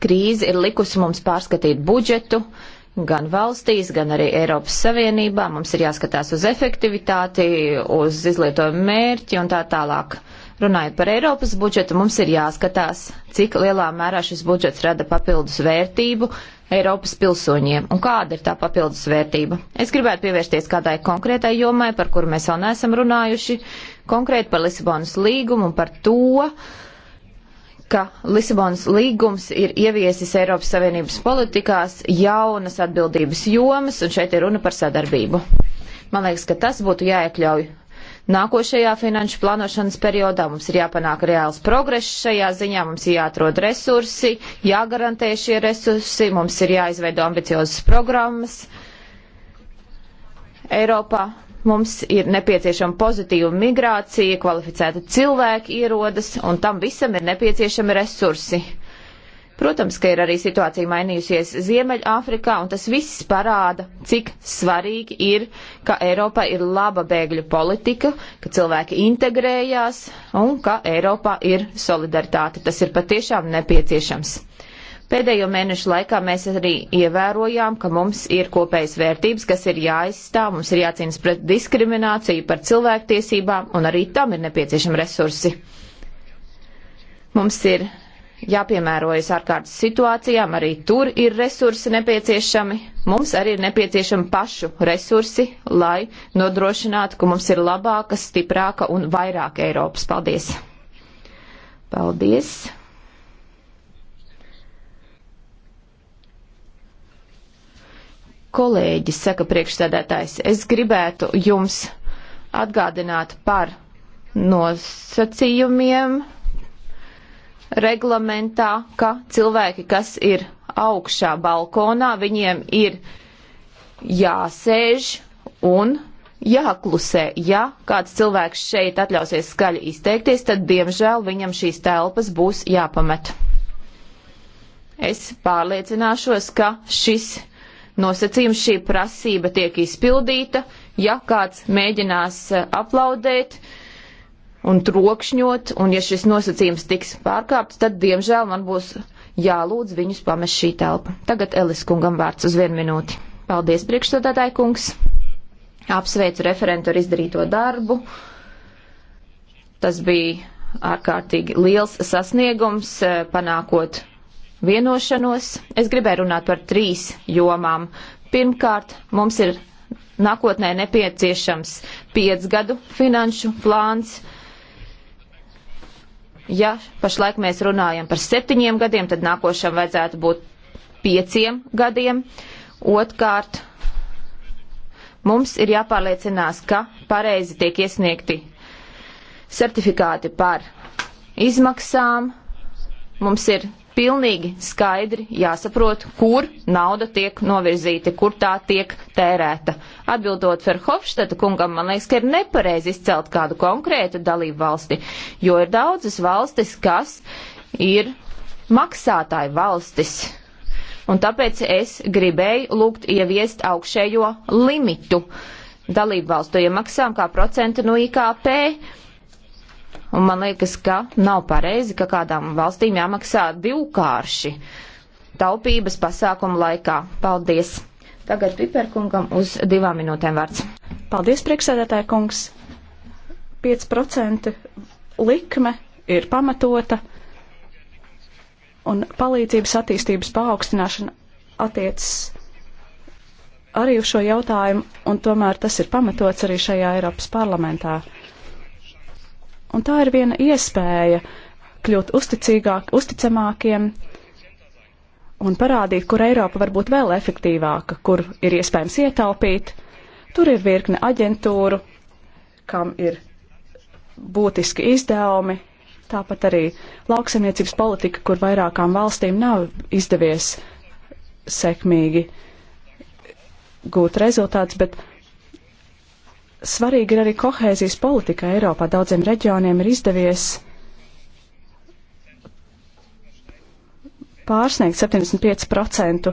Krīze ir likusi mums pārskatīt budžetu, uh, gan valstīs, gan arī Eiropas Savienībā. Mums ir jāskatās uz efektivitāti, uz izlietojumu mērķi un tā tālāk. Runājot par Eiropas budžetu, mums ir jāskatās, cik lielā mērā šis budžets rada papildus vērtību Eiropas pilsoņiem un kāda ir tā papildus vērtība. Es gribētu pievērsties kādai konkrētai jomai, par kuru mēs vēl neesam runājuši, konkrēti par Lisabonas līgumu un par to, uh, ka Lisabonas līgums ir ieviesis Eiropas Savienības politikās jaunas atbildības jomas, un šeit ir runa par sadarbību. Man liekas, ka tas būtu jāiekļauj nākošajā finanšu plānošanas periodā. Mums ir jāpanāk reāls progress šajā ziņā, mums ir jāatrod resursi, jāgarantē šie resursi, mums ir jāizveido ambiciozas programmas Eiropā, Mums ir nepieciešama pozitīva migrācija, kvalificēta cilvēki ierodas, un tam visam ir nepieciešami resursi. Protams, ka ir arī situācija mainījusies Ziemeļāfrikā, un tas viss parāda, cik svarīgi ir, ka Eiropā ir laba bēgļu politika, ka cilvēki integrējās un ka Eiropā ir solidaritāte. Tas ir patiešām nepieciešams. Pēdējo mēnešu laikā mēs arī ievērojām, ka mums ir kopējas vērtības, kas ir jāizstāv, mums ir jācīnas pret diskrimināciju, par cilvēktiesībām, un arī tam ir nepieciešami resursi. Mums ir jāpiemērojas ārkārtas situācijām, arī tur ir resursi nepieciešami. Mums arī ir nepieciešami pašu resursi, lai nodrošinātu, ka mums ir labāka, stiprāka un vairāk Eiropas. Paldies! Paldies! Kolēģi, saka priekšsēdētājs, es gribētu jums atgādināt par nosacījumiem reglamentā, ka cilvēki, kas ir augšā balkonā, viņiem ir jāsēž un jāklusē. Ja kāds cilvēks šeit atļausies skaļi izteikties, tad, diemžēl, viņam šīs telpas būs jāpamet. Es pārliecināšos, ka šis nosacījums šī prasība tiek izpildīta, ja kāds mēģinās eh, aplaudēt un trokšņot, un ja šis nosacījums tiks pārkāpts, tad, diemžēl, man būs jālūdz viņus pamest šī telpa. Tagad Elis kungam vārds uz vienu minūti. Paldies, priekšstādātāji kungs! Apsveicu referentu ar izdarīto darbu. Tas bija ārkārtīgi liels sasniegums, eh, panākot vienošanos. Es gribēju runāt par trīs jomām. Pirmkārt, mums ir nākotnē nepieciešams piecgadu finanšu plāns. Ja pašlaik mēs runājam par septiņiem gadiem, tad nākošam vajadzētu būt pieciem gadiem. Otkārt, mums ir jāpārliecinās, ka pareizi tiek iesniegti certifikāti par izmaksām. Mums ir pilnīgi skaidri jāsaprot, kur nauda tiek novirzīta, kur tā tiek tērēta. Atbildot Ferhofštata kungam, man liekas, ka ir nepareizi izcelt kādu konkrētu dalību valsti, jo ir daudzas valstis, kas ir maksātāju valstis. Un tāpēc es gribēju lūgt ieviest augšējo limitu dalību valstu iemaksām kā procentu no IKP Un man liekas, ka nav pareizi, ka kādām valstīm jāmaksā divkārši taupības pasākumu laikā. Paldies! Tagad Piperkungam uz divām minūtēm vārds. Paldies, priekšsēdētāja kungs! 5% likme ir pamatota un palīdzības attīstības paaugstināšana attiecas arī uz šo jautājumu, un tomēr tas ir pamatots arī šajā Eiropas parlamentā. Un tā ir viena iespēja kļūt uzticīgāk, uzticamākiem un parādīt, kur Eiropa var būt vēl efektīvāka, kur ir iespējams ietaupīt. Tur ir virkne aģentūru, kam ir būtiski izdevumi, tāpat arī lauksaimniecības politika, kur vairākām valstīm nav izdevies sekmīgi gūt rezultātus, bet Svarīgi ir arī kohēzijas politika Eiropā. Daudziem reģioniem ir izdevies pārsniegt 75%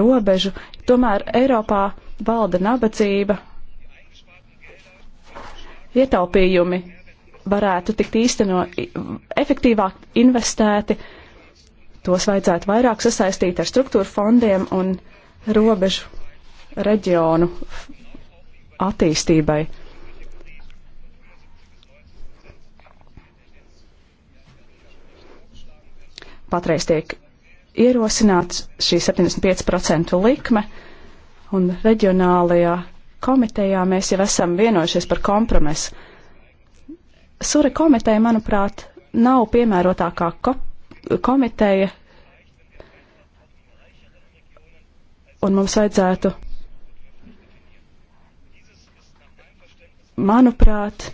robežu, tomēr Eiropā valda nabadzība. Ietaupījumi varētu tikt īsteno efektīvāk investēti, tos vajadzētu vairāk sasaistīt ar struktūru fondiem un robežu reģionu attīstībai. Patreiz tiek ierosināts šī 75% likme, un reģionālajā komitejā mēs jau esam vienojušies par kompromisu. Sura komiteja, manuprāt, nav piemērotākā ko komiteja, un mums vajadzētu manuprāt,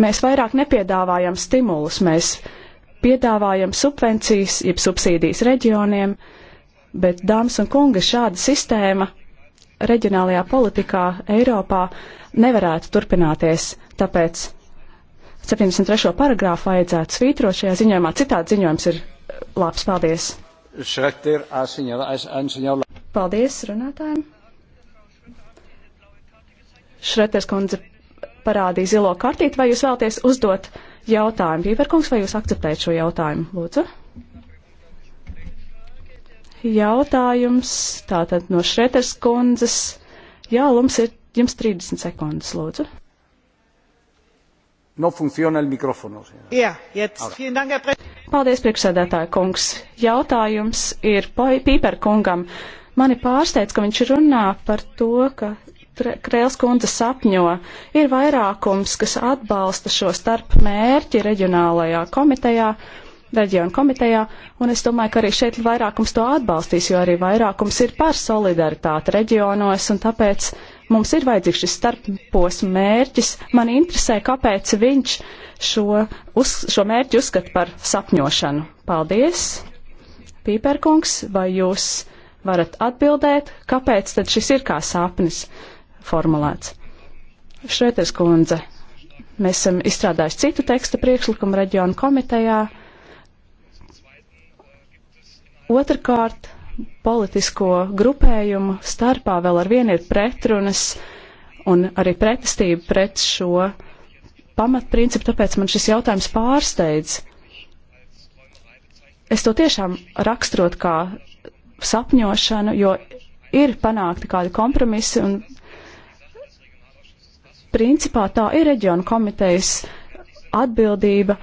mēs vairāk nepiedāvājam stimulus, mēs piedāvājam subvencijas, jeb subsīdijas reģioniem, bet, dāmas un kungi, šāda sistēma reģionālajā politikā Eiropā nevarētu turpināties, tāpēc 73. paragrāfu vajadzētu svītrot šajā ziņojumā, citādi ziņojums ir labs, paldies! Šrekter, señora, señora... Paldies runātājiem. Šreters kundze parādīja zilo kartīti, vai jūs vēlaties uzdot jautājumu? Pīperkungs, vai jūs akceptējat šo jautājumu, lūdzu? Jautājums tātad no Šreters kundzes. Jā, jums ir jums 30 sekundes, lūdzu. No Jā, Paldies, priekšsēdētāja kungs. Jautājums ir Pīper kungam. Mani pārsteidz, ka viņš runā par to, ka Krēls kundze sapņo. Ir vairākums, kas atbalsta šo starp mērķi reģionālajā komitejā, reģionu komitejā, un es domāju, ka arī šeit vairākums to atbalstīs, jo arī vairākums ir par solidaritāti reģionos, un tāpēc Mums ir vajadzīgs šis starpposma mērķis. Man interesē, kāpēc viņš šo, uz, šo mērķi uzskata par sapņošanu. Paldies, Pīperkungs, vai jūs varat atbildēt, kāpēc tad šis ir kā sapnis formulēts? Šreiters kundze, mēs esam izstrādājuši citu teksta priekšlikumu reģionu komitejā. Otrakārt, politisko grupējumu starpā vēl ar vienu ir pretrunas un arī pretestība pret šo pamatprincipu, tāpēc man šis jautājums pārsteidz. Es to tiešām raksturot kā sapņošanu, jo ir panākti kādi kompromisi un principā tā ir reģiona komitejas atbildība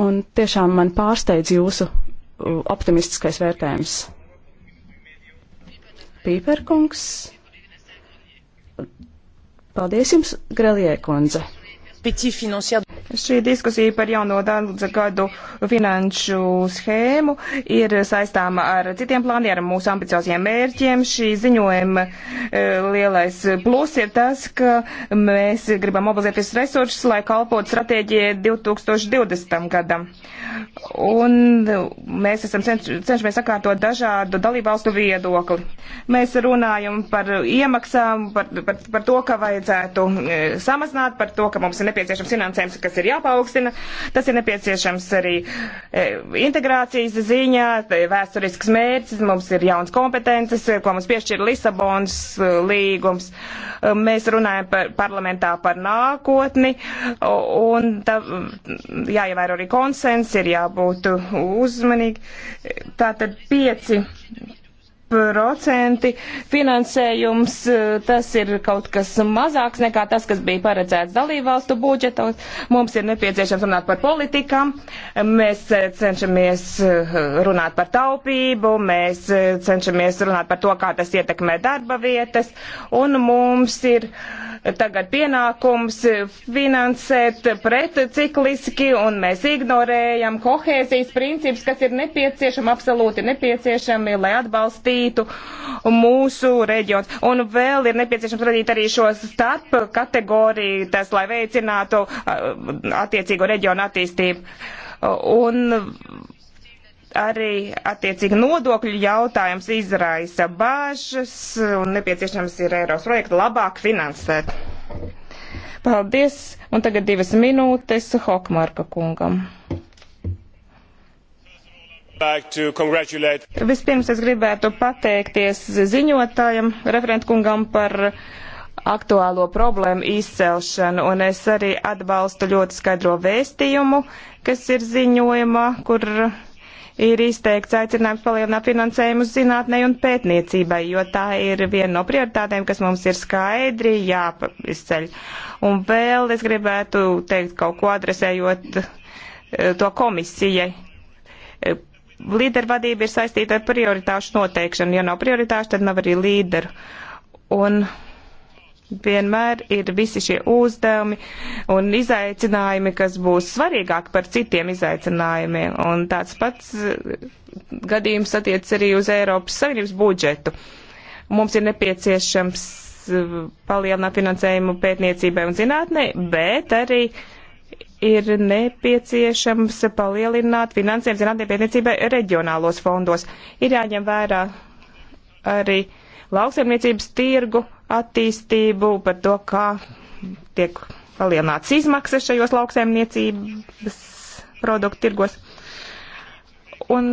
un tiešām man pārsteidz jūsu uh, optimistiskais vērtējums. Pīperkungs. Paldies jums, Grelie kundze! Šī diskusija par jauno daudzu gadu finanšu schēmu ir saistāma ar citiem plāniem, ar mūsu ambicioziem mērķiem. Šī ziņojuma e, lielais plus ir tas, ka mēs gribam mobilizēt visus resursus, lai kalpotu stratēģijai 2020. gadam. Un mēs esam cenš cenšamies sakārtot dažādu dalībvalstu viedokli. Mēs runājam par iemaksām, par, par, par to, ka vajadzētu e, samazināt, par to, ka mums ir nepieciešams nepieciešams finansējums, kas ir jāpaukstina, tas ir nepieciešams arī e, integrācijas ziņā, vēsturisks mērķis, mums ir jauns kompetences, ko mums piešķir Lisabons e, līgums. E, mēs runājam par parlamentā par nākotni, un tā, jāievēro arī konsens, ir jābūt uzmanīgi. Tātad pieci procenti finansējums, eh, tas ir kaut kas mazāks nekā tas, kas bija paredzēts dalībvalstu budžetos. Mums ir nepieciešams runāt par politikām, mēs eh, cenšamies eh, runāt par taupību, mēs cenšamies runāt par to, kā tas ietekmē darba vietas, un mums ir tagad pienākums finansēt pretcikliski, un mēs ignorējam kohēzijas principus, kas ir nepieciešami, absolūti nepieciešami, lai atbalstītu atbalstītu mūsu reģions. Un vēl ir nepieciešams radīt arī šo starp kategoriju, tas, lai veicinātu uh, attiecīgo reģionu attīstību. Uh, un arī attiecīgi nodokļu jautājums izraisa bāžas un nepieciešams ir Eiropas projektu labāk finansēt. Paldies, un tagad divas minūtes Hokmarka kungam. Vispirms es gribētu pateikties ziņotājam, referentkungam par aktuālo problēmu izcelšanu, un es arī atbalstu ļoti skaidro vēstījumu, kas ir ziņojumā, kur ir izteikts aicinājums palielināt finansējumu zinātnē un pētniecībai, jo tā ir viena no prioritātēm, kas mums ir skaidri jāizceļ. Un vēl es gribētu teikt kaut ko adresējot eh, to komisijai līdervadība ir saistīta ar prioritāšu noteikšanu. Ja nav prioritāšu, tad nav arī līderu. Un vienmēr ir visi šie uzdevumi un izaicinājumi, kas būs svarīgāki par citiem izaicinājumiem. Un tāds pats eh, gadījums attiec arī uz Eiropas Savienības budžetu. Mums ir nepieciešams eh, palielināt finansējumu pētniecībai un zinātnē, bet arī uh, ir nepieciešams palielināt finansējumu zinātnē pētniecībai reģionālos fondos. Ir jāņem vērā arī lauksaimniecības tirgu attīstību par to, kā tiek palielināts izmaksas šajos lauksaimniecības produktu tirgos un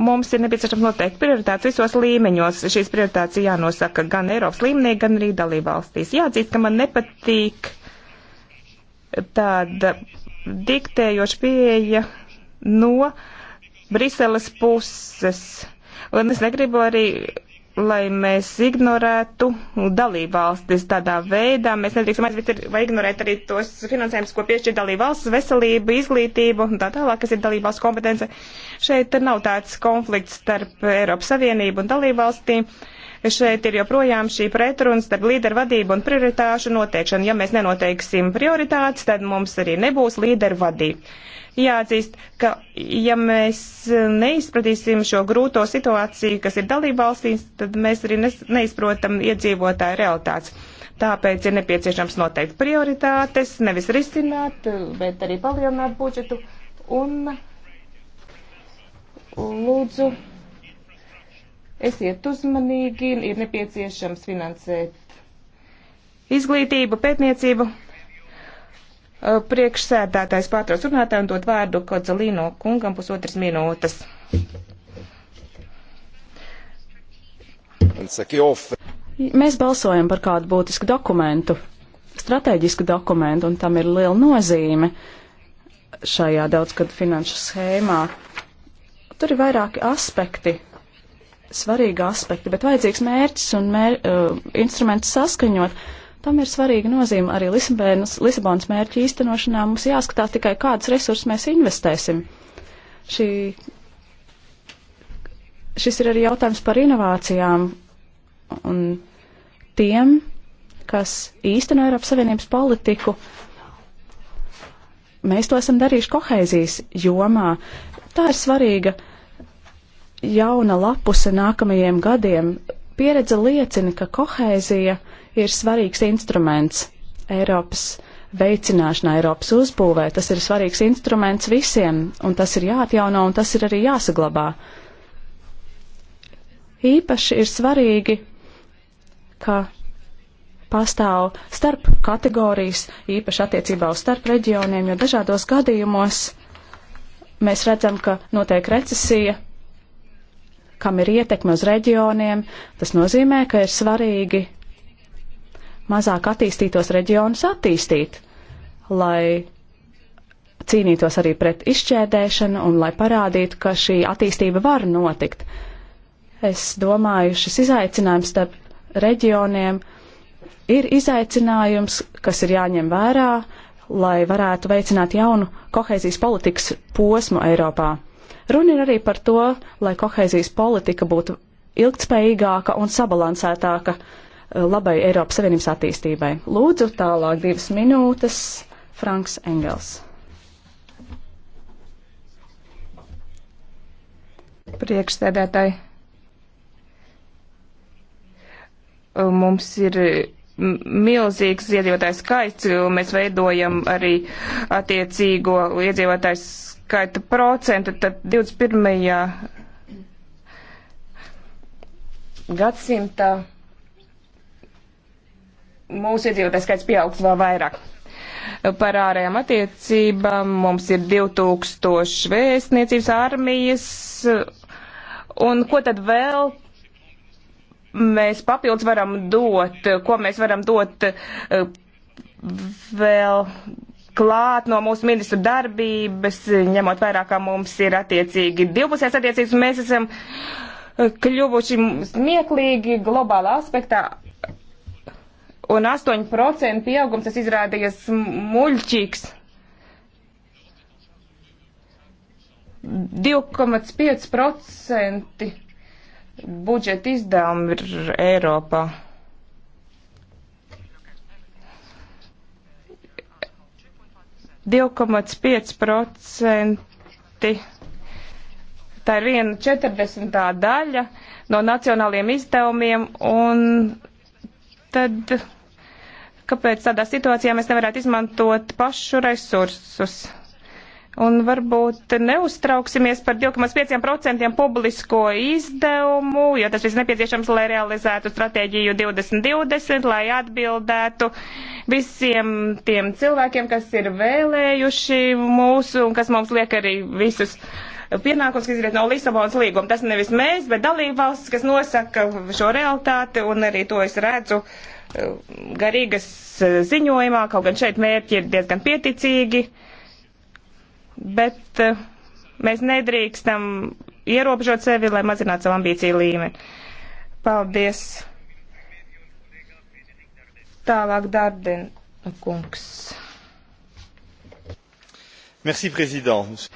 mums ir nepieciešams noteikti prioritātes visos līmeņos. Šīs prioritātes jānosaka gan Eiropas līmenī, gan arī dalībvalstīs. Jāatzīst, ka man nepatīk tāda diktējoša pieeja no Briseles puses. Un es negribu arī, lai mēs ignorētu dalībvalstis tādā veidā. Mēs nedrīkstam aizvīt vai ignorēt arī tos finansējumus, ko piešķir dalībvalsts, veselību, izglītību un tā tālāk, kas ir dalībvalsts kompetence. Šeit nav tāds konflikts starp Eiropas Savienību un dalībvalstīm. Uh, Šeit ir joprojām šī pretruna starp līderu vadību un prioritāšu noteikšanu. Ja mēs nenoteiksim prioritātes, tad mums arī nebūs līderu vadība. Jāatzīst, ka ja mēs neizpratīsim šo grūto situāciju, kas ir dalība valstīs, tad mēs arī neizprotam iedzīvotāju realitātes. Tāpēc ir nepieciešams noteikt prioritātes, nevis risināt, bet arī palielināt budžetu. Un lūdzu Esiet uzmanīgi, ir nepieciešams finansēt izglītību, pētniecību. Priekšsēdētājs pārtrauc runātāju un dod vārdu Kodzalīno kungam pusotras minūtes. Mēs balsojam par kādu būtisku dokumentu, strateģisku dokumentu, un tam ir liela nozīme šajā daudzgadu finanšu schēmā. Tur ir vairāki aspekti, svarīgi aspekti, bet vajadzīgs mērķis un mēr, uh, instruments saskaņot. Tam ir svarīga nozīme arī Lisabonas, Lisabonas mērķu īstenošanā. Mums jāskatās tikai, kādas resursus mēs investēsim. Šī, šis ir arī jautājums par inovācijām un tiem, kas īsteno Eiropas Savienības politiku. Mēs to esam darījuši koheizijas jomā. Tā ir svarīga uh, jauna lapuse nākamajiem gadiem, pieredze liecina, ka kohēzija ir svarīgs instruments Eiropas veicināšanā, Eiropas uzbūvē. Tas ir svarīgs instruments visiem, un tas ir jāatjauno, un tas ir arī jāsaglabā. Īpaši ir svarīgi, ka pastāv starp kategorijas, īpaši attiecībā uz starp reģioniem, jo dažādos gadījumos mēs redzam, ka notiek recesija, kam ir ietekme uz reģioniem. Tas nozīmē, ka ir svarīgi mazāk attīstītos reģionus attīstīt, lai cīnītos arī pret izšķēdēšanu un lai parādītu, ka šī attīstība var notikt. Es domāju, šis izaicinājums starp reģioniem ir izaicinājums, kas ir jāņem vērā, lai varētu veicināt jaunu kohēzijas politikas posmu Eiropā. Runa ir arī par to, lai kohēzijas politika būtu ilgtspējīgāka un sabalansētāka eh, labai Eiropas Savienības attīstībai. Lūdzu, tālāk divas minūtes, Franks Engels. Priekšsēdētāji, mums ir milzīgs iedzīvotājs skaits, un mēs veidojam arī attiecīgo iedzīvotājs atskaita procentu, tad 21. gadsimtā mūsu iedzīvotājs skaits pieaugs vēl vairāk. Par ārējām attiecībām mums ir 2000 vēstniecības armijas, un ko tad vēl mēs papildus varam dot, ko mēs varam dot eh, vēl klāt no mūsu ministru darbības, ņemot vērā, ka mums ir attiecīgi divpusējas attiecības, mēs esam eh, kļuvuši smieklīgi globālā aspektā. Un 8% pieaugums tas izrādījies muļķīgs. 2,5% budžeta izdevumi ir Eiropā. 2,5% tā ir viena četrdesmitā daļa no nacionāliem izdevumiem, un tad kāpēc tādā situācijā mēs nevarētu izmantot pašu resursus? Un varbūt neuztrauksimies par 2,5% publisko izdevumu, jo tas viss nepieciešams, lai realizētu stratēģiju 2020, lai atbildētu visiem tiem cilvēkiem, kas ir vēlējuši mūsu un kas mums liek arī visus pienākums, kas izriet no Lisabonas līguma. Tas nevis mēs, bet dalībvalsts, kas nosaka šo realitāti, un arī to es redzu eh, garīgas eh, ziņojumā, kaut gan šeit mērķi ir diezgan pieticīgi. Uh, bet eh, mēs nedrīkstam ierobežot sevi, lai mazinātu savu ambīciju līmeni. Paldies. Tālāk Darden kungs. Merci, prezidents.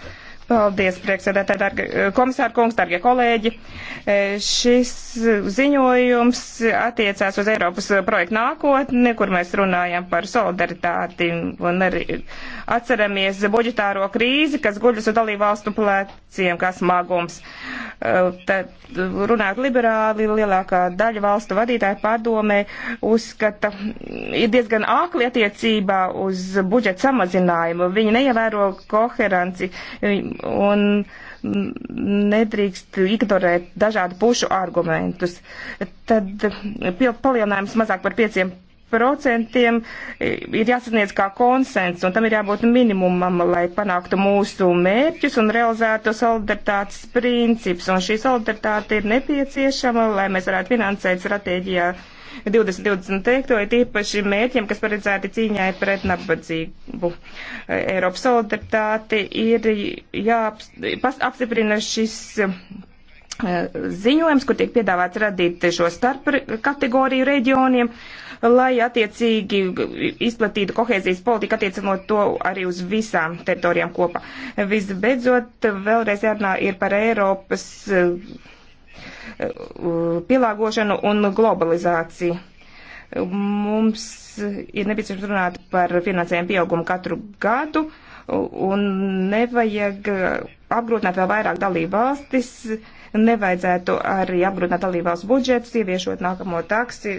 Paldies, priekšsēdētāji, dargi komisāri kungs, dargie kolēģi. E, šis ziņojums attiecās uz Eiropas projektu nākotni, kur mēs runājam par solidaritāti un arī atceramies budžetāro krīzi, kas guļas uz dalību valstu pleciem, kā smagums. E, tad runāt liberāli, lielākā daļa valstu vadītāju padomē uzskata, ir diezgan ākli attiecībā uz budžeta samazinājumu. Viņi neievēro koherenci un nedrīkst ignorēt dažādu pušu argumentus. Tad palielinājums mazāk par 5% ir jāsasniedz kā konsens, un tam ir jābūt minimumam, lai panāktu mūsu mērķus un realizētu solidaritātes princips. Un šī solidaritāte ir nepieciešama, lai mēs varētu finansēt stratēģijā 2020 2020 teikto, ir tīpaši mērķiem, kas paredzēti cīņai pret nabadzību. Eiropas solidaritāte ir jāapstiprina šis eh, ziņojums, kur tiek piedāvāts radīt šo starp kategoriju reģioniem, lai attiecīgi izplatītu kohēzijas politiku, attiecinot to arī uz visām teritorijām kopā. Visbeidzot, vēlreiz jārunā ir par Eiropas eh, pielāgošanu un globalizāciju. Mums ir nepieciešams runāt par finansējumu pieaugumu katru gadu un nevajag apgrūtināt vēl vairāk dalību valstis, nevajadzētu arī apgrūtināt dalību valsts budžetus, ieviešot nākamo taksi,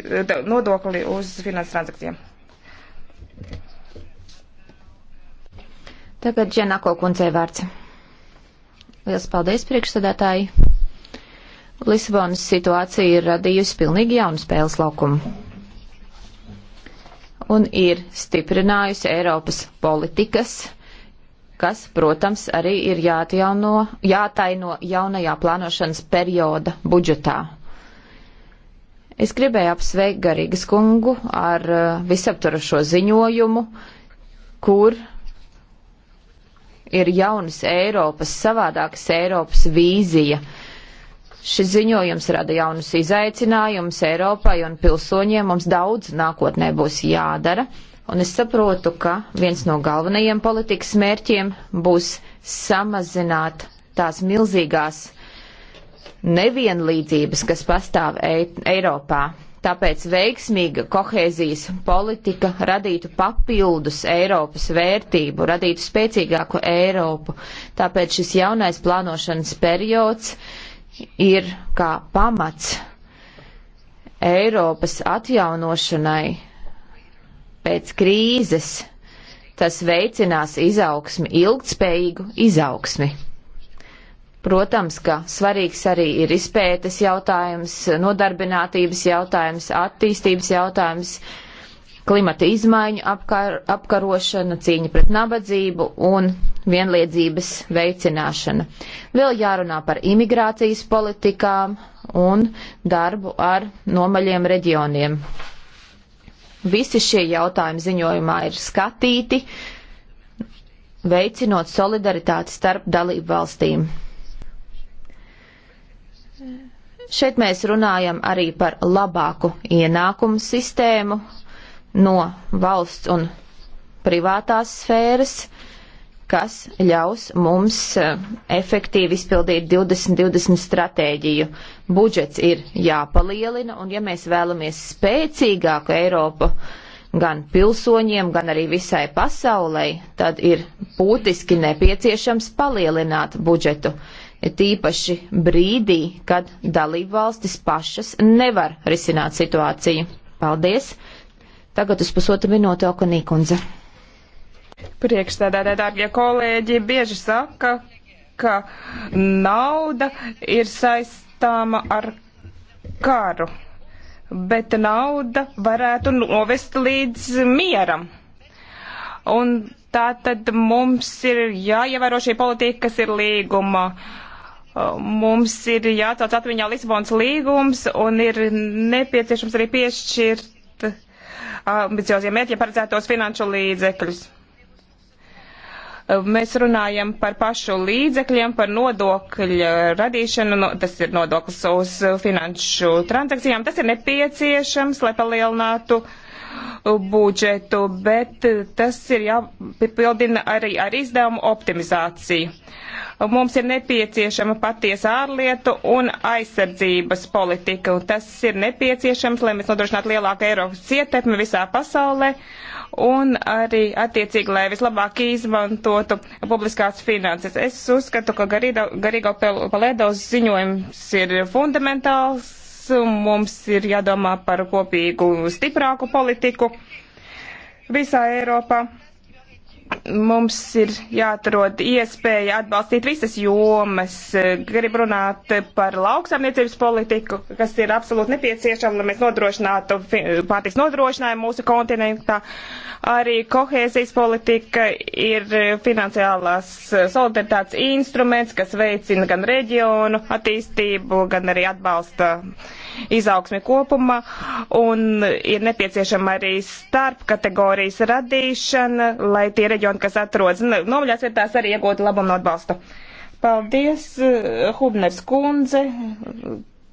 nodokli uz finanses transakcijām. Tagad Dženako kundzei vārds. Lielas paldies priekšsēdētāji! Lisabonas situācija ir radījusi pilnīgi jaunu spēles laukumu un ir stiprinājusi Eiropas politikas, kas, protams, arī ir jāatjauno, jātaino jaunajā plānošanas perioda budžetā. Es gribēju apsveikt Garīgas kungu ar uh, visapturašo ziņojumu, kur ir jaunas Eiropas, savādākas Eiropas vīzija. Uh, Šis ziņojums rada jaunus izaicinājumus Eiropai un pilsoņiem. Mums daudz nākotnē būs jādara. Un es saprotu, ka viens no galvenajiem politikas mērķiem būs samazināt tās milzīgās nevienlīdzības, kas pastāv Ei Eiropā. Tāpēc veiksmīga kohēzijas politika radītu papildus Eiropas vērtību, radītu spēcīgāku Eiropu. Tāpēc šis jaunais plānošanas periods ir kā pamats Eiropas atjaunošanai pēc krīzes, tas veicinās izaugsmi, ilgtspējīgu izaugsmi. Protams, ka svarīgs arī ir izpētes jautājums, nodarbinātības jautājums, attīstības jautājums, klimata izmaiņu apkar, apkarošana, cīņa pret nabadzību un vienliedzības veicināšana. Vēl jārunā par imigrācijas politikām un darbu ar nomaļiem reģioniem. Visi šie jautājumi ziņojumā ir skatīti, veicinot solidaritāti starp dalību valstīm. Šeit mēs runājam arī par labāku ienākumu sistēmu, no valsts un privātās sfēras, kas ļaus mums eh, efektīvi izpildīt 2020 stratēģiju. Budžets ir jāpalielina, un ja mēs vēlamies spēcīgāku Eiropu gan pilsoņiem, gan arī visai pasaulē, tad ir būtiski nepieciešams palielināt budžetu. Tīpaši brīdī, kad dalībvalstis pašas nevar risināt situāciju. Paldies! Tagad uz pusotru minūti Okonī kundze. Priekšstādātāji, dārgie kolēģi, bieži saka, ka nauda ir saistāma ar karu, bet nauda varētu novest līdz mieram. Un tā tad mums ir jāievēro šī politika, kas ir līguma. Mums ir jāatcauc atmiņā Lisabonas līgums un ir nepieciešams arī piešķirt ambicioziem mērķiem paredzētos finanšu līdzekļus. Mēs runājam par pašu līdzekļiem, par nodokļu radīšanu, no, tas ir nodoklis uz finanšu transakcijām. Tas ir nepieciešams, lai palielinātu uh, budžetu, bet tas ir jāpildina arī ar izdevumu optimizāciju. Mums ir nepieciešama patiesa ārlietu un aizsardzības politika, un tas ir nepieciešams, lai mēs nodrošinātu lielāku Eiropas ietekmi visā pasaulē, un arī attiecīgi, lai vislabāk izmantotu publiskās finanses. Es uzskatu, ka Garīgo Palēdos ziņojums ir fundamentāls mums ir jādomā par kopīgu stiprāku politiku visā Eiropā mums ir jāatrod iespēja atbalstīt visas jomas. Gribu runāt par lauksaimniecības politiku, kas ir absolūti nepieciešama, lai mēs nodrošinātu pārtiks nodrošinājumu mūsu kontinentā. Arī kohēzijas politika ir finansiālās solidaritātes instruments, kas veicina gan reģionu attīstību, gan arī atbalsta uh, izaugsmi kopumā, un ir nepieciešama arī starp kategorijas radīšana, lai tie reģioni, kas atrodas nu, nomaļās vietās, arī iegūtu labumu no atbalsta. Paldies, eh, Hubners kundze.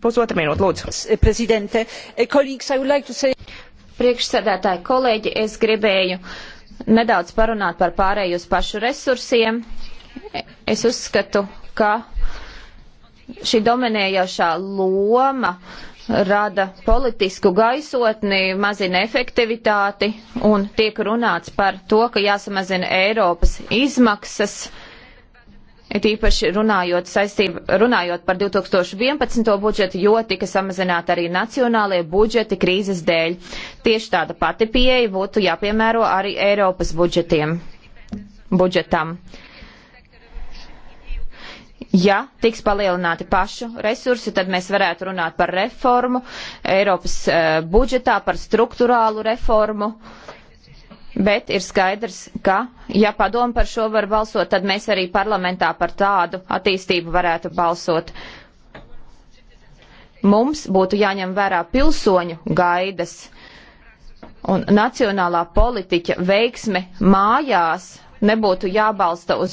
Pusotra minūte, lūdzu. Eh, Prezidente, kolīgs, eh, I would like to say. Priekšsēdētāji, kolēģi, es gribēju nedaudz parunāt par pārēju uz pašu resursiem. Es uzskatu, ka šī dominējošā loma uh, rada politisku gaisotni, mazina efektivitāti un tiek runāts par to, ka jāsamazina Eiropas izmaksas, it īpaši runājot, saistību, runājot par 2011. budžetu, jo tika samazināti arī nacionālie budžeti krīzes dēļ. Tieši tāda pati pieeja būtu jāpiemēro arī Eiropas budžetiem, budžetam. Uh, Ja tiks palielināti pašu resursi, tad mēs varētu runāt par reformu Eiropas uh, budžetā, par struktūrālu reformu. Bet ir skaidrs, ka, ja padomu par šo var balsot, tad mēs arī parlamentā par tādu attīstību varētu balsot. Mums būtu jāņem vērā pilsoņu gaidas un nacionālā politiķa veiksme mājās nebūtu jābalsta uz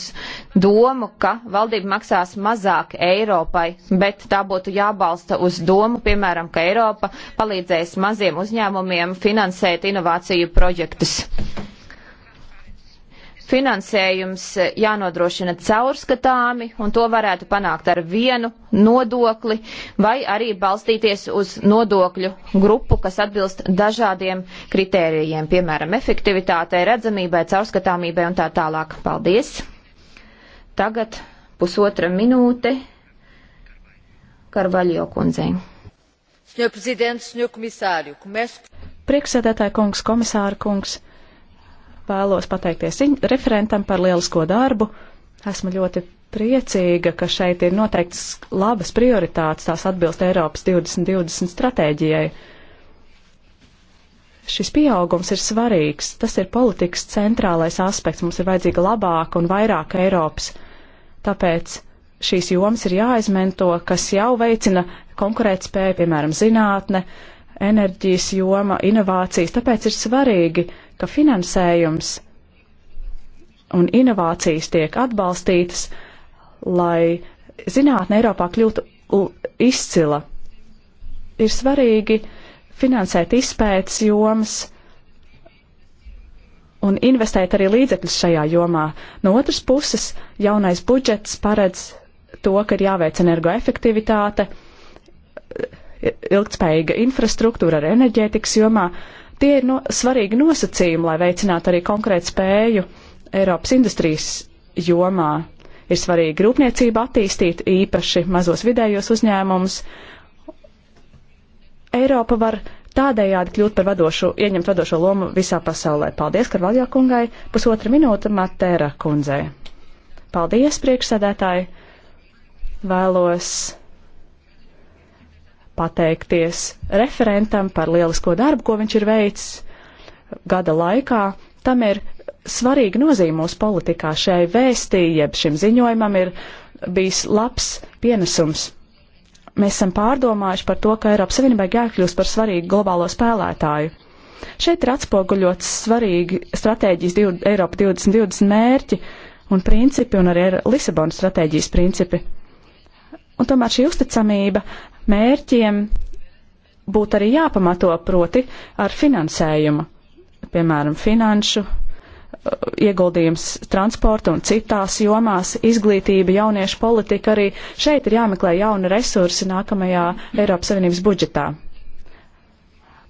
domu, ka valdība maksās mazāk Eiropai, bet tā būtu jābalsta uz domu, piemēram, ka Eiropa palīdzēs maziem uzņēmumiem finansēt inovāciju projektus. Finansējums jānodrošina caurskatāmi, un to varētu panākt ar vienu nodokli, vai arī balstīties uz nodokļu grupu, kas atbilst dažādiem kritērijiem, piemēram, efektivitātei, redzamībai, caurskatāmībai un tā tālāk. Paldies! Tagad pusotra minūte Karvaļo kundzei. Priekšsēdētāja kungs, komisāra kungs, Vēlos pateikties referentam par lielisko darbu. Esmu ļoti priecīga, ka šeit ir noteikts labas prioritātes, tās atbilst Eiropas 2020 stratēģijai. Šis pieaugums ir svarīgs, tas ir politikas centrālais aspekts, mums ir vajadzīga labāka un vairāk Eiropas. Tāpēc šīs jomas ir jāizmanto, kas jau veicina konkurētspēju, piemēram, zinātne, enerģijas joma, inovācijas. Tāpēc ir svarīgi ka finansējums un inovācijas tiek atbalstītas, lai zinātne Eiropā kļūtu izcila. Ir svarīgi finansēt izpētes jomas un investēt arī līdzekļus šajā jomā. No otras puses, jaunais budžets paredz to, ka ir jāveic energoefektivitāte, ilgtspējīga infrastruktūra ar enerģētikas jomā, Tie ir no, svarīgi nosacījumi, lai veicinātu arī konkrētu spēju Eiropas industrijas jomā. Ir svarīgi rūpniecību attīstīt, īpaši mazos vidējos uzņēmumus. Eiropa var tādējādi kļūt par vadošu, ieņemt vadošo lomu visā pasaulē. Paldies, Karvaljā kungai, pusotra minūte Matēra kundzei. Paldies, priekšsēdētāji! Vēlos pateikties referentam par lielisko darbu, ko viņš ir veicis gada laikā. Tam ir svarīga nozīme mūsu politikā. Šai vēstī, jeb šim ziņojumam, ir bijis labs pienesums. Mēs esam pārdomājuši par to, ka Eiropas Savienībai jākļūst par svarīgu globālo spēlētāju. Šeit ir atspoguļots svarīgi stratēģijas 20, Eiropa 2020 mērķi un principi un arī Lisabonas stratēģijas principi. Un tomēr šī uzticamība mērķiem būtu arī jāpamato proti ar finansējumu, piemēram, finanšu uh, ieguldījums transporta un citās jomās, izglītība, jauniešu politika, arī šeit ir jāmeklē jauni resursi nākamajā Eiropas Savienības budžetā.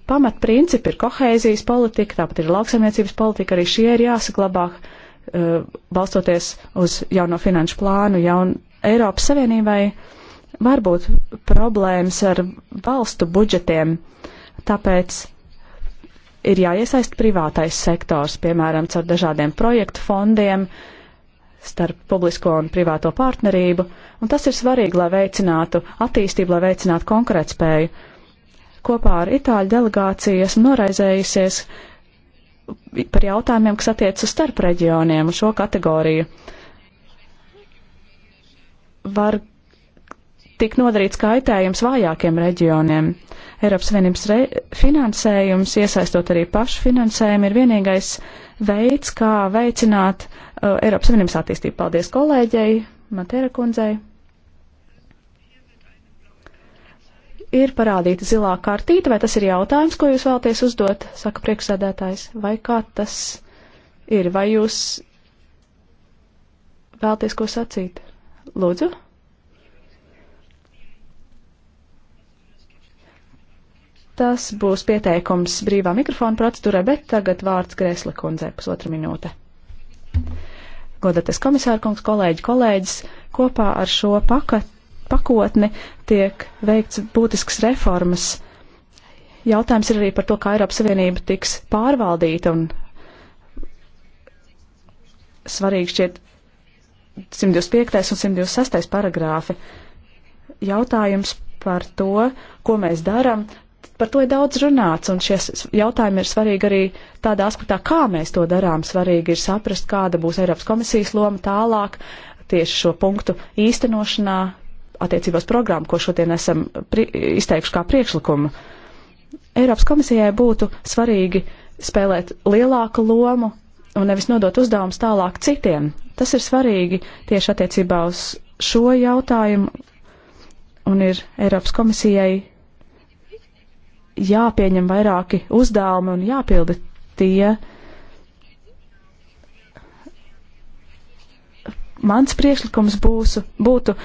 Pamatprincipi ir kohēzijas politika, tāpat ir lauksaimniecības politika, arī šie ir jāsaglabā uh, balstoties uz jauno finanšu plānu, jaun Eiropas Savienībai var būt problēmas ar valstu budžetiem, tāpēc ir jāiesaist privātais sektors, piemēram, caur dažādiem projektu fondiem, starp publisko un privāto partnerību, un tas ir svarīgi, lai veicinātu attīstību, lai veicinātu konkurētspēju. Kopā ar Itāļu delegāciju esmu noraizējusies par jautājumiem, kas attiec uz starp reģioniem un šo kategoriju. Var tik nodarīts kaitējums vājākiem reģioniem. Eiropas Savienības re finansējums, iesaistot arī pašfinansējumu, ir vienīgais veids, kā veicināt uh, Eiropas Savienības attīstību. Paldies kolēģei, Matēra kundzei. Ir parādīta zilā kartīte, vai tas ir jautājums, ko jūs vēlaties uzdot, saka priekšsēdētājs, vai kā tas ir, vai jūs vēlaties ko sacīt? Lūdzu! Tas būs pieteikums brīvā mikrofona procedūrai, bet tagad vārds Grēsla kundzei pusotra minūte. Godaties komisārkungs, kolēģi, kolēģis, kopā ar šo paka, pakotni tiek veikts būtisks reformas. Jautājums ir arī par to, kā Eiropas Savienība tiks pārvaldīta un svarīgi šķiet 125. un 126. paragrāfi. Jautājums par to, ko mēs darām, Par to ir daudz runāts, un šie jautājumi ir svarīgi arī tādā aspektā, kā mēs to darām. Svarīgi ir saprast, kāda būs Eiropas komisijas loma tālāk tieši šo punktu īstenošanā attiecībās programmu, ko šodien esam izteikuši kā priekšlikumu. Eiropas komisijai būtu svarīgi spēlēt lielāku lomu un nevis nodot uzdevumus tālāk citiem. Tas ir svarīgi tieši attiecībā uz šo jautājumu, un ir Eiropas komisijai jāpieņem vairāki uzdevumi un jāpilda tie. Mans priekšlikums būs, būtu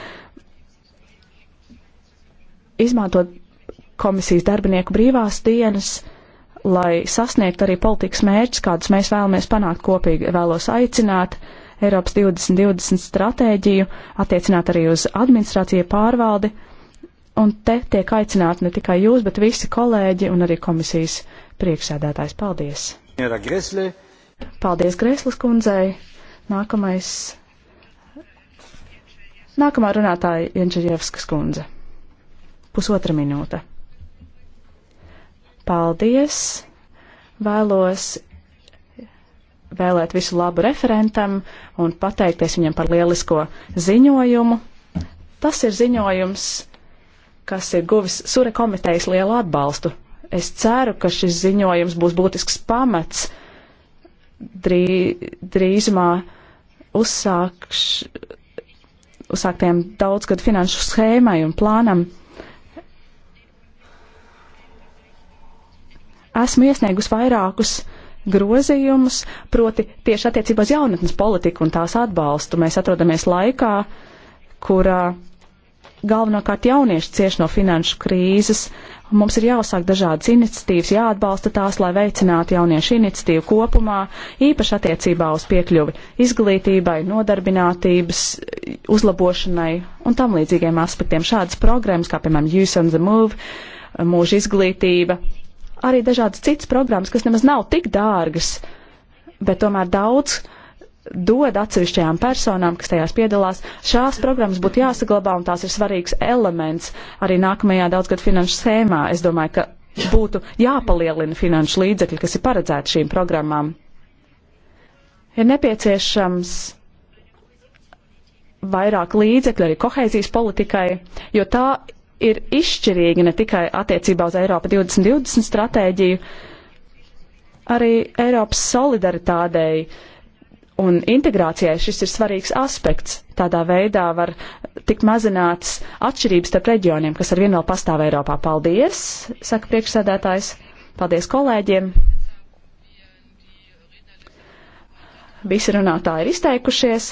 izmantot komisijas darbinieku brīvās dienas, lai sasniegtu arī politikas mērķus, kādus mēs vēlamies panākt kopīgi. Vēlos aicināt Eiropas 2020 stratēģiju, attiecināt arī uz administrāciju pārvaldi Un te tiek aicināti ne tikai jūs, bet visi kolēģi un arī komisijas priekšsēdētājs. Paldies! Gresle. Paldies Greslas kundzei! Nākamais. Nākamā runātāja Jančerjevskas kundze. Pusotra minūte. Paldies! Vēlos vēlēt visu labu referentam un pateikties viņam par lielisko ziņojumu. Tas ir ziņojums kas ir guvis Sure komitejas lielu atbalstu. Es ceru, ka šis ziņojums būs būtisks pamats drī, drīzumā uzsākš, uzsāktiem daudzgadu finanšu schēmai un plānam. Esmu iesniegus vairākus grozījumus, proti tieši attiecībā uz jaunatnes politiku un tās atbalstu. Mēs atrodamies laikā, kurā uh, galvenokārt jaunieši cieši no finanšu krīzes. Mums ir jāuzsāk dažādas iniciatīvas, jāatbalsta tās, lai veicinātu jauniešu iniciatīvu kopumā, īpaši attiecībā uz piekļuvi izglītībai, nodarbinātības uzlabošanai un tam līdzīgiem aspektiem. Šādas programmas, kā piemēram Youth on the Move, mūža izglītība, arī dažādas citas programmas, kas nemaz nav tik dārgas, bet tomēr daudz uh, dod atsevišķajām personām, kas tajās piedalās. Šās programmas būtu jāsaglabā, un tās ir svarīgs elements arī nākamajā daudzgad finanšu sēmā. Es domāju, ka būtu jāpalielina finanšu līdzekļi, kas ir paredzēti šīm programmām. Ir nepieciešams vairāk līdzekļu arī kohēzijas politikai, jo tā ir izšķirīga ne tikai attiecībā uz Eiropa 2020 stratēģiju, arī Eiropas solidaritātei un integrācijai šis ir svarīgs aspekts. Tādā veidā var tikt mazināts atšķirības starp reģioniem, kas ar vienu vēl pastāv Eiropā. Paldies, saka priekšsēdētājs. Paldies kolēģiem. Visi runātāji ir izteikušies.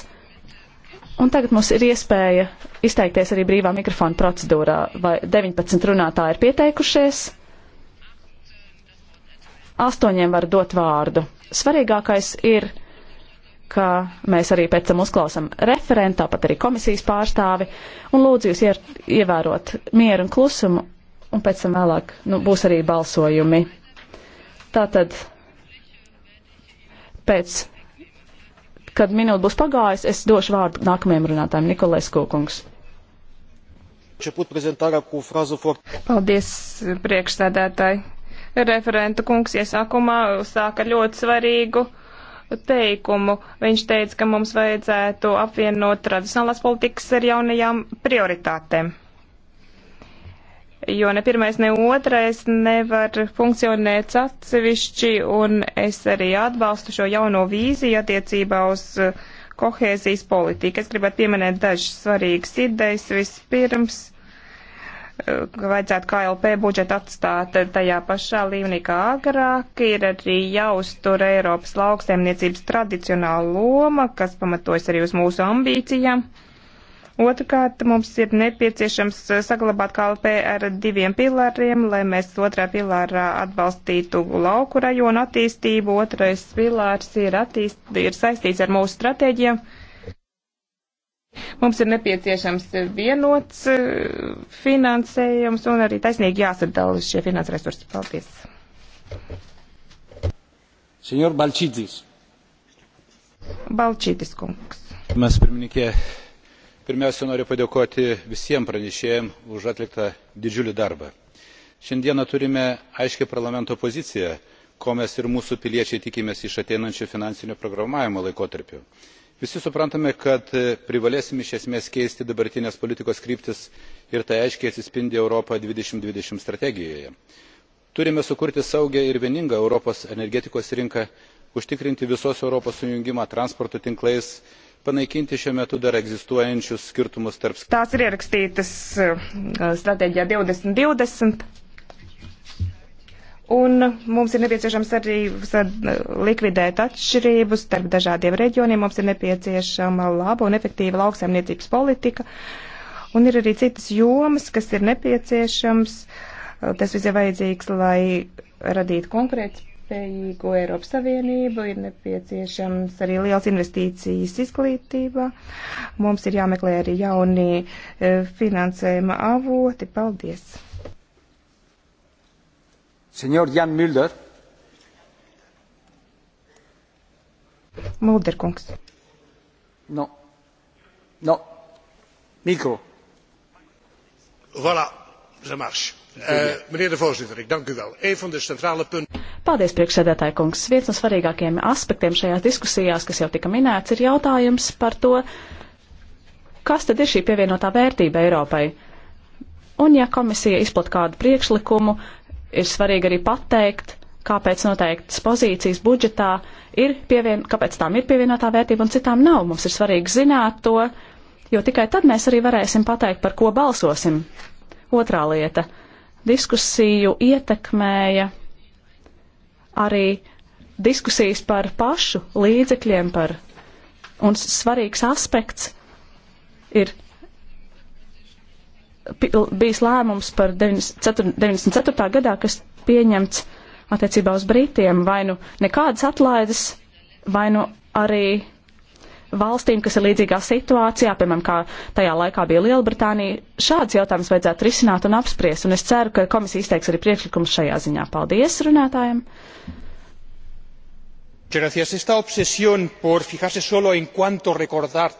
Un tagad mums ir iespēja izteikties arī brīvā mikrofona procedūrā, vai 19 runātāji ir pieteikušies. Astoņiem var dot vārdu. Svarīgākais ir ka mēs arī pēc tam uzklausam referentu, tāpat arī komisijas pārstāvi, un lūdzu jūs ier, ievērot mieru un klusumu, un pēc tam vēlāk nu, būs arī balsojumi. Tātad pēc, kad minūte būs pagājusi, es došu vārdu nākamajam runātājam Nikolais Kūkungs. Paldies, priekšsēdētāji. Referenta kungs iesākumā sāka ļoti svarīgu teikumu. Viņš teica, ka mums vajadzētu apvienot tradicionālās politikas ar jaunajām prioritātēm. Jo ne pirmais, ne otrais nevar funkcionēt atsevišķi, un es arī atbalstu šo jauno vīziju attiecībā uz uh, kohēzijas politiku. Es gribētu pieminēt dažas svarīgas idejas. Vispirms vajadzētu KLP budžetu atstāt tajā pašā līmenī kā agrāk, ir arī jāuztur Eiropas lauksaimniecības tradicionāla loma, kas pamatojas arī uz mūsu ambīcijām. Otrakārt, mums ir nepieciešams saglabāt KLP ar diviem pilāriem, lai mēs otrā pilārā atbalstītu lauku rajonu attīstību. Otrais pilārs ir, attīst, ir saistīts ar mūsu stratēģiem. Uh, Mums ir nepieciešams vienots eh, finansējums un arī taisnīgi jāsadala šie finanses resursi. Paldies. Senjor Balčītis. Balčītis kungs. Mēs pirmininkē, pirmiausia noriu padėkoti visiems pranešėjim už atliktą didžiulį darbą. Šiandieną turime aiškę parlamento poziciją, ko mes ir mūsų piliečiai tikimės iš ateinančio finansinio programavimo laikotarpio visi suprantame kad e, privalėsime iš esmės keisti dabartines politikos kryptis ir tai aiškiai atsispindi europa du tūkstančiai dvidešimt strategijoje. turime sukurti saugią ir vieningą europos energetikos rinką užtikrinti visos europos sujungimą transporto tinklais panaikinti šiuo metu dar egzistuojančius skirtumus tarp. tās ir ierakstītas e, stratēģijā 2020 Un mums ir nepieciešams arī likvidēt atšķirības starp dažādiem reģioniem. Mums ir nepieciešama laba un efektīva lauksaimniecības politika. Un ir arī citas jomas, kas ir nepieciešams. Tas viss ir vajadzīgs, lai radītu konkurētspējīgu Eiropas Savienību. Ir nepieciešams arī liels investīcijas izglītībā. Mums ir jāmeklē arī jauni eh, finansējuma avoti. Paldies! Senjor Jan Mulder. Mulder kungs. No. No. Mikro. Voilà, ça marche. Uh, meneer de voorzitter, ik dank u wel. Een van de centrale punten. Paldies, priekšsēdētāji kungs. Viens no svarīgākajiem aspektiem šajās diskusijās, kas jau tika minēts, ir jautājums par to, kas tad ir šī pievienotā vērtība Eiropai. Un ja komisija izplat kādu priekšlikumu, uh, ir svarīgi arī pateikt, kāpēc noteiktas pozīcijas budžetā ir pievien, kāpēc tām ir pievienotā vērtība un citām nav. Mums ir svarīgi zināt to, jo tikai tad mēs arī varēsim pateikt, par ko balsosim. Otrā lieta - diskusiju ietekmēja arī diskusijas par pašu līdzekļiem par, un svarīgs aspekts ir bijis lēmums par 94. 94. gadā, kas pieņemts attiecībā uz Britiem, vai nu nekādas atlaides, vai nu arī valstīm, kas ir līdzīgā situācijā, piemēram, kā tajā laikā bija Lielbritānija, šāds jautājums vajadzētu risināt un apspriest, un es ceru, ka komisija izteiks arī priekšlikums šajā ziņā. Paldies runātājiem! Gracias. Esta obsesión por fijarse solo en cuánto recordar.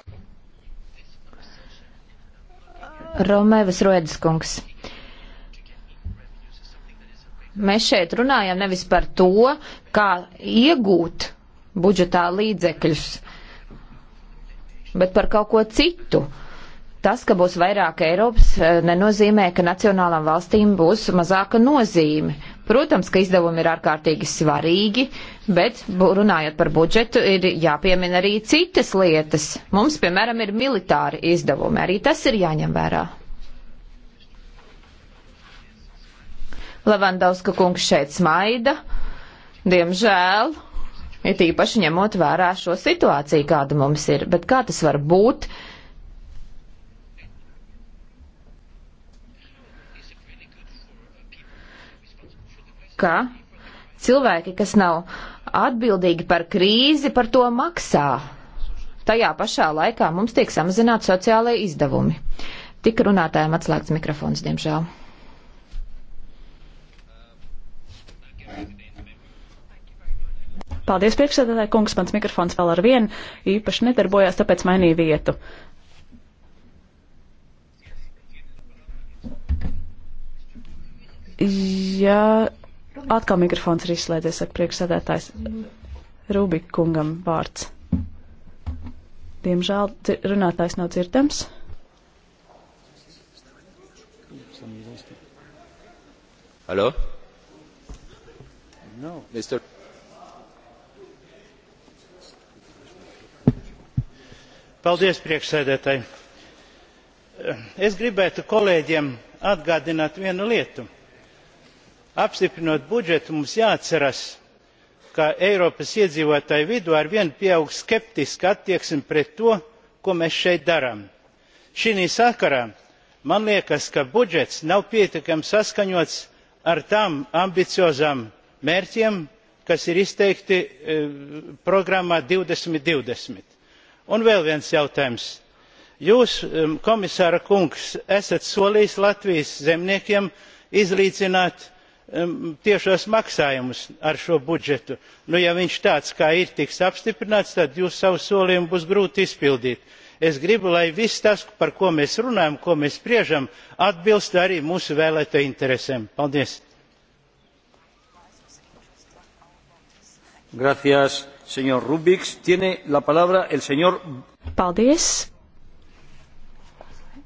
Romēvas Roedskungs. Mēs šeit runājam nevis par to, kā iegūt budžetā līdzekļus, bet par kaut ko citu. Uh, Tas, ka būs vairāk Eiropas, e, nenozīmē, ka nacionālām valstīm būs mazāka nozīme. Protams, ka izdevumi ir ārkārtīgi svarīgi, bet runājot par budžetu, ir jāpiemina arī citas lietas. Mums, piemēram, ir militāri izdevumi, arī tas ir jāņem vērā. Levandauska kungs šeit smaida, diemžēl, ir tīpaši ņemot vērā šo situāciju, kāda mums ir, bet kā tas var būt? ka cilvēki, kas nav atbildīgi par krīzi, par to maksā. Tajā pašā laikā mums tiek samazināti sociālai izdevumi. Tik runātājiem atslēgts mikrofons, diemžēl. Paldies, priekšsēdētāji kungs, mans mikrofons vēl ar vienu īpaši nedarbojās, tāpēc mainīju vietu. Ja Atkal mikrofons ir izslēdzies, saka priekšsēdētājs. Rubikungam vārds. Diemžēl runātājs nav dzirdams. Hello? No. Mr. Paldies, priekšsēdētāji. Es gribētu kolēģiem atgādināt vienu lietu apstiprinot budžetu mums jāatceras ka eiropas iedzīvotāju vidū arvien pieaug skeptiska attieksme pret to ko mēs šeit darām. šī sakarā man liekas ka budžets nav pietiekami saskaņots ar tām ambiciozām mērķiem kas ir izteikti e, programmā. two thousand and twenty un vēl viens jautājums jūs e, komisāra kungs esat solījis latvijas zemniekiem izlīdzināt tiešos maksājumus ar šo budžetu. Nu, ja viņš tāds kā ir tiks apstiprināts, tad jūs savu solījumu būs grūti izpildīt. Es gribu, lai viss tas, par ko mēs runājam, ko mēs spriežam, atbilst arī mūsu vēlēto interesēm. Paldies! Gracias, señor Rubiks. Tiene la palabra el señor. Paldies.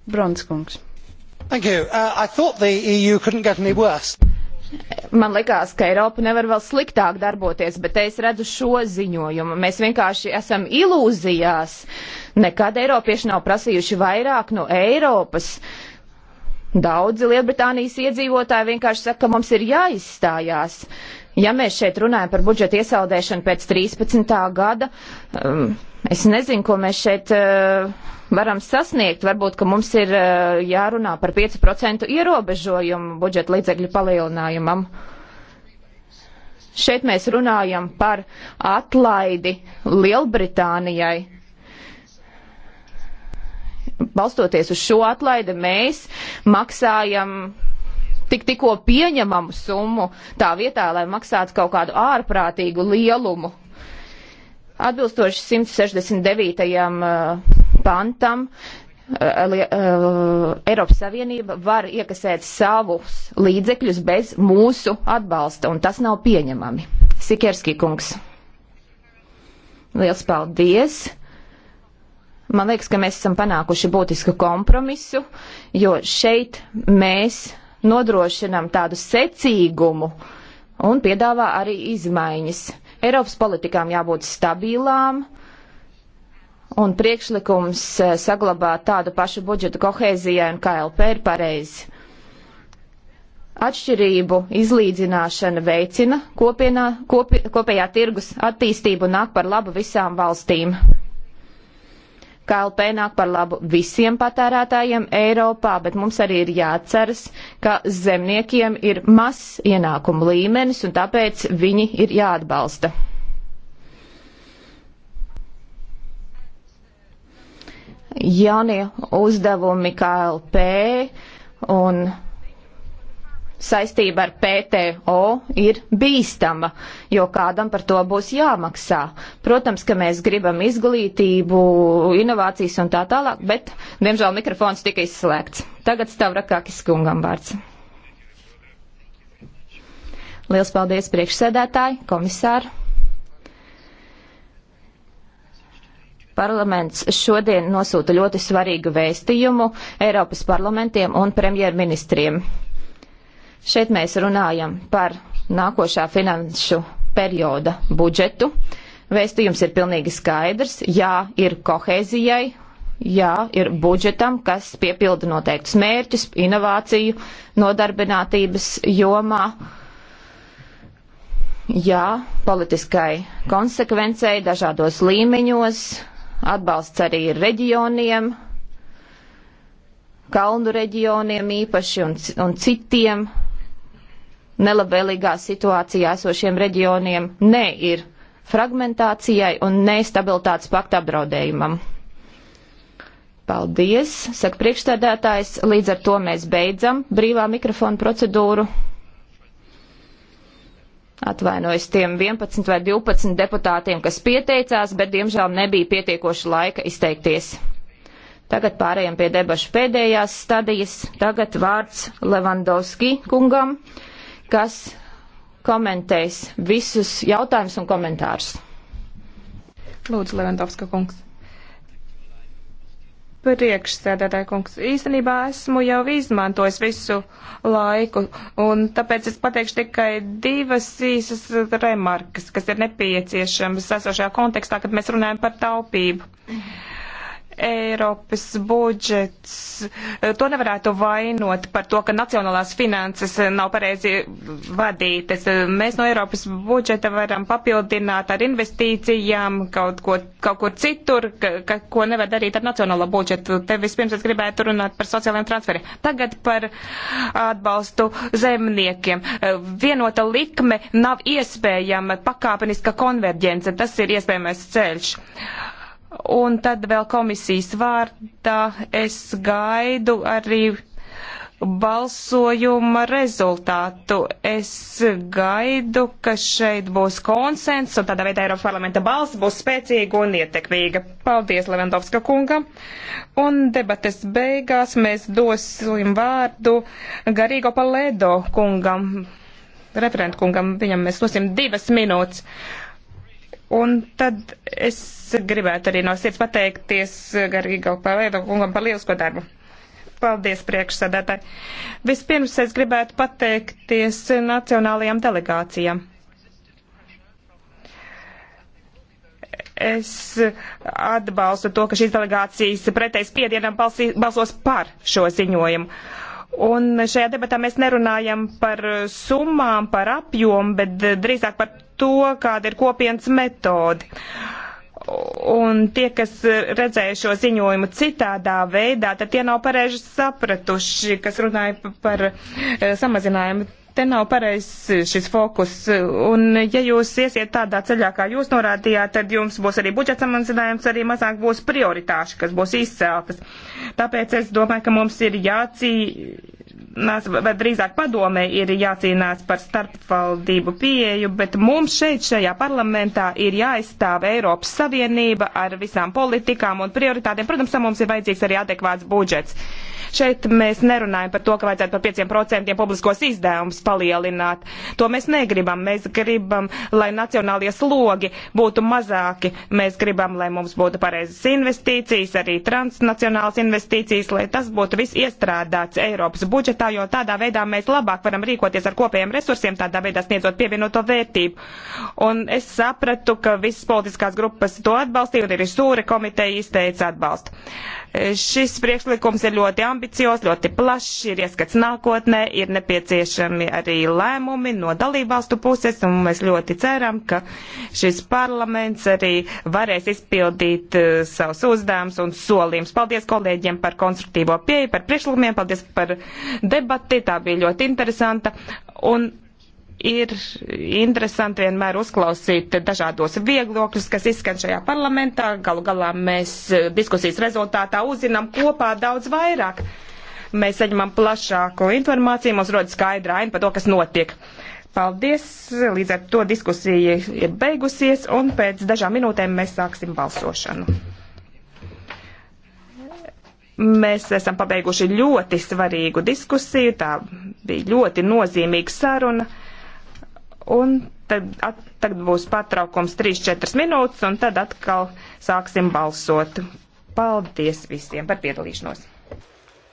Bronskungs. Thank you. Uh, I thought the EU couldn't get any worse. Man likās, ka Eiropa nevar vēl sliktāk darboties, bet es redzu šo ziņojumu. Mēs vienkārši esam ilūzijās. Nekad Eiropieši nav prasījuši vairāk no Eiropas. Daudzi Lielbritānijas iedzīvotāji vienkārši saka, ka mums ir jāizstājās. Ja mēs šeit runājam par budžeta iesaldēšanu pēc 13. gada, um, es nezinu, ko mēs šeit uh, varam sasniegt. Varbūt, ka mums ir eh, jārunā par 5% ierobežojumu budžeta līdzekļu palielinājumam. Šeit mēs runājam par atlaidi Lielbritānijai. Balstoties uz šo atlaidi, mēs maksājam tik tikko pieņemamu summu tā vietā, lai maksātu kaut kādu ārprātīgu lielumu. Atbilstoši 169 pantam eh, eh, Eiropas Savienība var iekasēt savus līdzekļus bez mūsu atbalsta, un tas nav pieņemami. Sikerski kungs. Liels paldies! Man liekas, ka mēs esam panākuši būtisku kompromisu, jo šeit mēs nodrošinām tādu secīgumu un piedāvā arī izmaiņas. Eiropas politikām jābūt stabilām, un priekšlikums eh, saglabāt tādu pašu budžetu kohēzijai un KLP ir pareizi. Atšķirību izlīdzināšana veicina kopienā, kopi, kopējā tirgus attīstību nāk par labu visām valstīm. KLP nāk par labu visiem patērētājiem Eiropā, bet mums arī ir jāatceras, ka zemniekiem ir mazs ienākumu līmenis un tāpēc viņi ir jāatbalsta. jaunie uzdevumi KLP un saistība ar PTO ir bīstama, jo kādam par to būs jāmaksā. Protams, ka mēs gribam izglītību, inovācijas un tā tālāk, bet, diemžēl, mikrofons tika izslēgts. Tagad Stavrakakis kungam vārds. Liels paldies priekšsēdētāji, komisāri! Parlaments šodien nosūta ļoti svarīgu vēstījumu Eiropas parlamentiem un premjerministriem. Šeit mēs runājam par nākošā finanšu perioda budžetu. Vēstījums ir pilnīgi skaidrs. Jā, ir kohēzijai, jā, ir budžetam, kas piepilda noteiktus mērķus, inovāciju, nodarbinātības jomā. Jā, politiskai konsekvencei dažādos līmeņos, atbalsts arī reģioniem, kalnu reģioniem īpaši un, un citiem nelabvēlīgā situācijā esošiem reģioniem, ne ir fragmentācijai un nestabilitātes pakta apdraudējumam. Paldies, saka priekšstādātājs. Līdz ar to mēs beidzam brīvā mikrofona procedūru. Atvainojos tiem 11 vai 12 deputātiem, kas pieteicās, bet diemžēl nebija pietiekoši laika izteikties. Tagad pārējām pie debašu pēdējās stadijas. Tagad vārds Levandovski kungam, kas komentēs visus jautājumus un komentārus. Lūdzu, Levandovska kungs. Priekšsēdētāji kungs, īstenībā esmu jau izmantojis visu laiku, un tāpēc es pateikšu tikai divas īsas remarkas, kas ir nepieciešamas esošajā kontekstā, kad mēs runājam par taupību. Mm. Eiropas budžets. Eh, to nevarētu vainot par to, ka nacionālās finanses eh, nav pareizi vadītas. Eh, mēs no Eiropas budžeta varam papildināt ar investīcijām kaut, ko, kaut kur citur, ka, ka, ko nevar darīt ar nacionālo budžetu. Te vispirms es gribētu runāt par sociālajiem transferiem. Tagad par atbalstu zemniekiem. Vienota likme nav iespējama pakāpeniska konverģence. Tas ir iespējamais ceļš. Uh, Un tad vēl komisijas vārdā es gaidu arī balsojuma rezultātu. Es gaidu, ka šeit būs konsens, un tādā veidā Eiropas parlamenta balss būs spēcīga un ietekmīga. Paldies Levandovska kungam. Un debates beigās mēs dosim vārdu Garīgo Paledo kungam, referentkungam. Viņam mēs dosim divas minūtes. Un tad es gribētu arī no sirds pateikties garīgo pavēdu kungam par lielisko darbu. Paldies, priekšsēdētāji. Vispirms es gribētu pateikties nacionālajām delegācijām. es atbalstu to, ka šīs delegācijas pretēji spiedienam balsī, balsos par šo ziņojumu. Un šajā debatā mēs nerunājam par summām, par apjomu, bet drīzāk par to, kāda ir kopienas metode. Un tie, kas redzēja šo ziņojumu citādā veidā, tad tie nav pareizi sapratuši, kas runāja par eh, samazinājumu te nav pareizs šis fokus. Un ja jūs iesiet tādā ceļā, kā jūs norādījāt, tad jums būs arī budžets samazinājums, arī mazāk būs prioritāši, kas būs izceltas. Tāpēc es domāju, ka mums ir jācī, Nās, vai drīzāk padomē ir jācīnās par starpvaldību pieeju, bet mums šeit, šajā parlamentā, ir jāizstāv Eiropas Savienība ar visām politikām un prioritātēm. Protams, mums ir vajadzīgs arī adekvāts budžets. Uh, Šeit mēs nerunājam par to, ka vajadzētu par 5% publiskos izdevumus palielināt. To mēs negribam. Mēs gribam, lai nacionālie slogi būtu mazāki. Mēs gribam, lai mums būtu pareizas investīcijas, arī transnacionālas investīcijas, lai tas būtu viss iestrādāts Eiropas budžetā, jo tādā veidā mēs labāk varam rīkoties ar kopējiem resursiem, tādā veidā sniedzot pievienoto vērtību. Un es sapratu, ka visas politiskās grupas to atbalstīja un arī Sūra komiteja izteica atbalstu. Šis priekšlikums ir ļoti ambicios, ļoti plašs, ir ieskats nākotnē, ir nepieciešami arī lēmumi no dalībvalstu puses, un mēs ļoti ceram, ka šis parlaments arī varēs izpildīt eh, savus uzdevumus un solījumus. Paldies kolēģiem par konstruktīvo pieeju, par priekšlikumiem, paldies par debati, tā bija ļoti interesanta. Un ir interesanti vienmēr uzklausīt dažādos viedokļus, kas izskan šajā parlamentā. Galu galā mēs eh, diskusijas rezultātā uzzinām kopā daudz vairāk. Mēs saņemam plašāku informāciju, mums rodas skaidra aina par to, kas notiek. Paldies! Līdz ar to diskusija ir beigusies, un pēc dažām minūtēm mēs sāksim balsošanu. Mēs esam pabeiguši ļoti svarīgu diskusiju, tā bija ļoti nozīmīga saruna. Un tad, at, tagad būs pārtraukums 3-4 minūtes, un tad atkal sāksim balsot. Paldies visiem par piedalīšanos!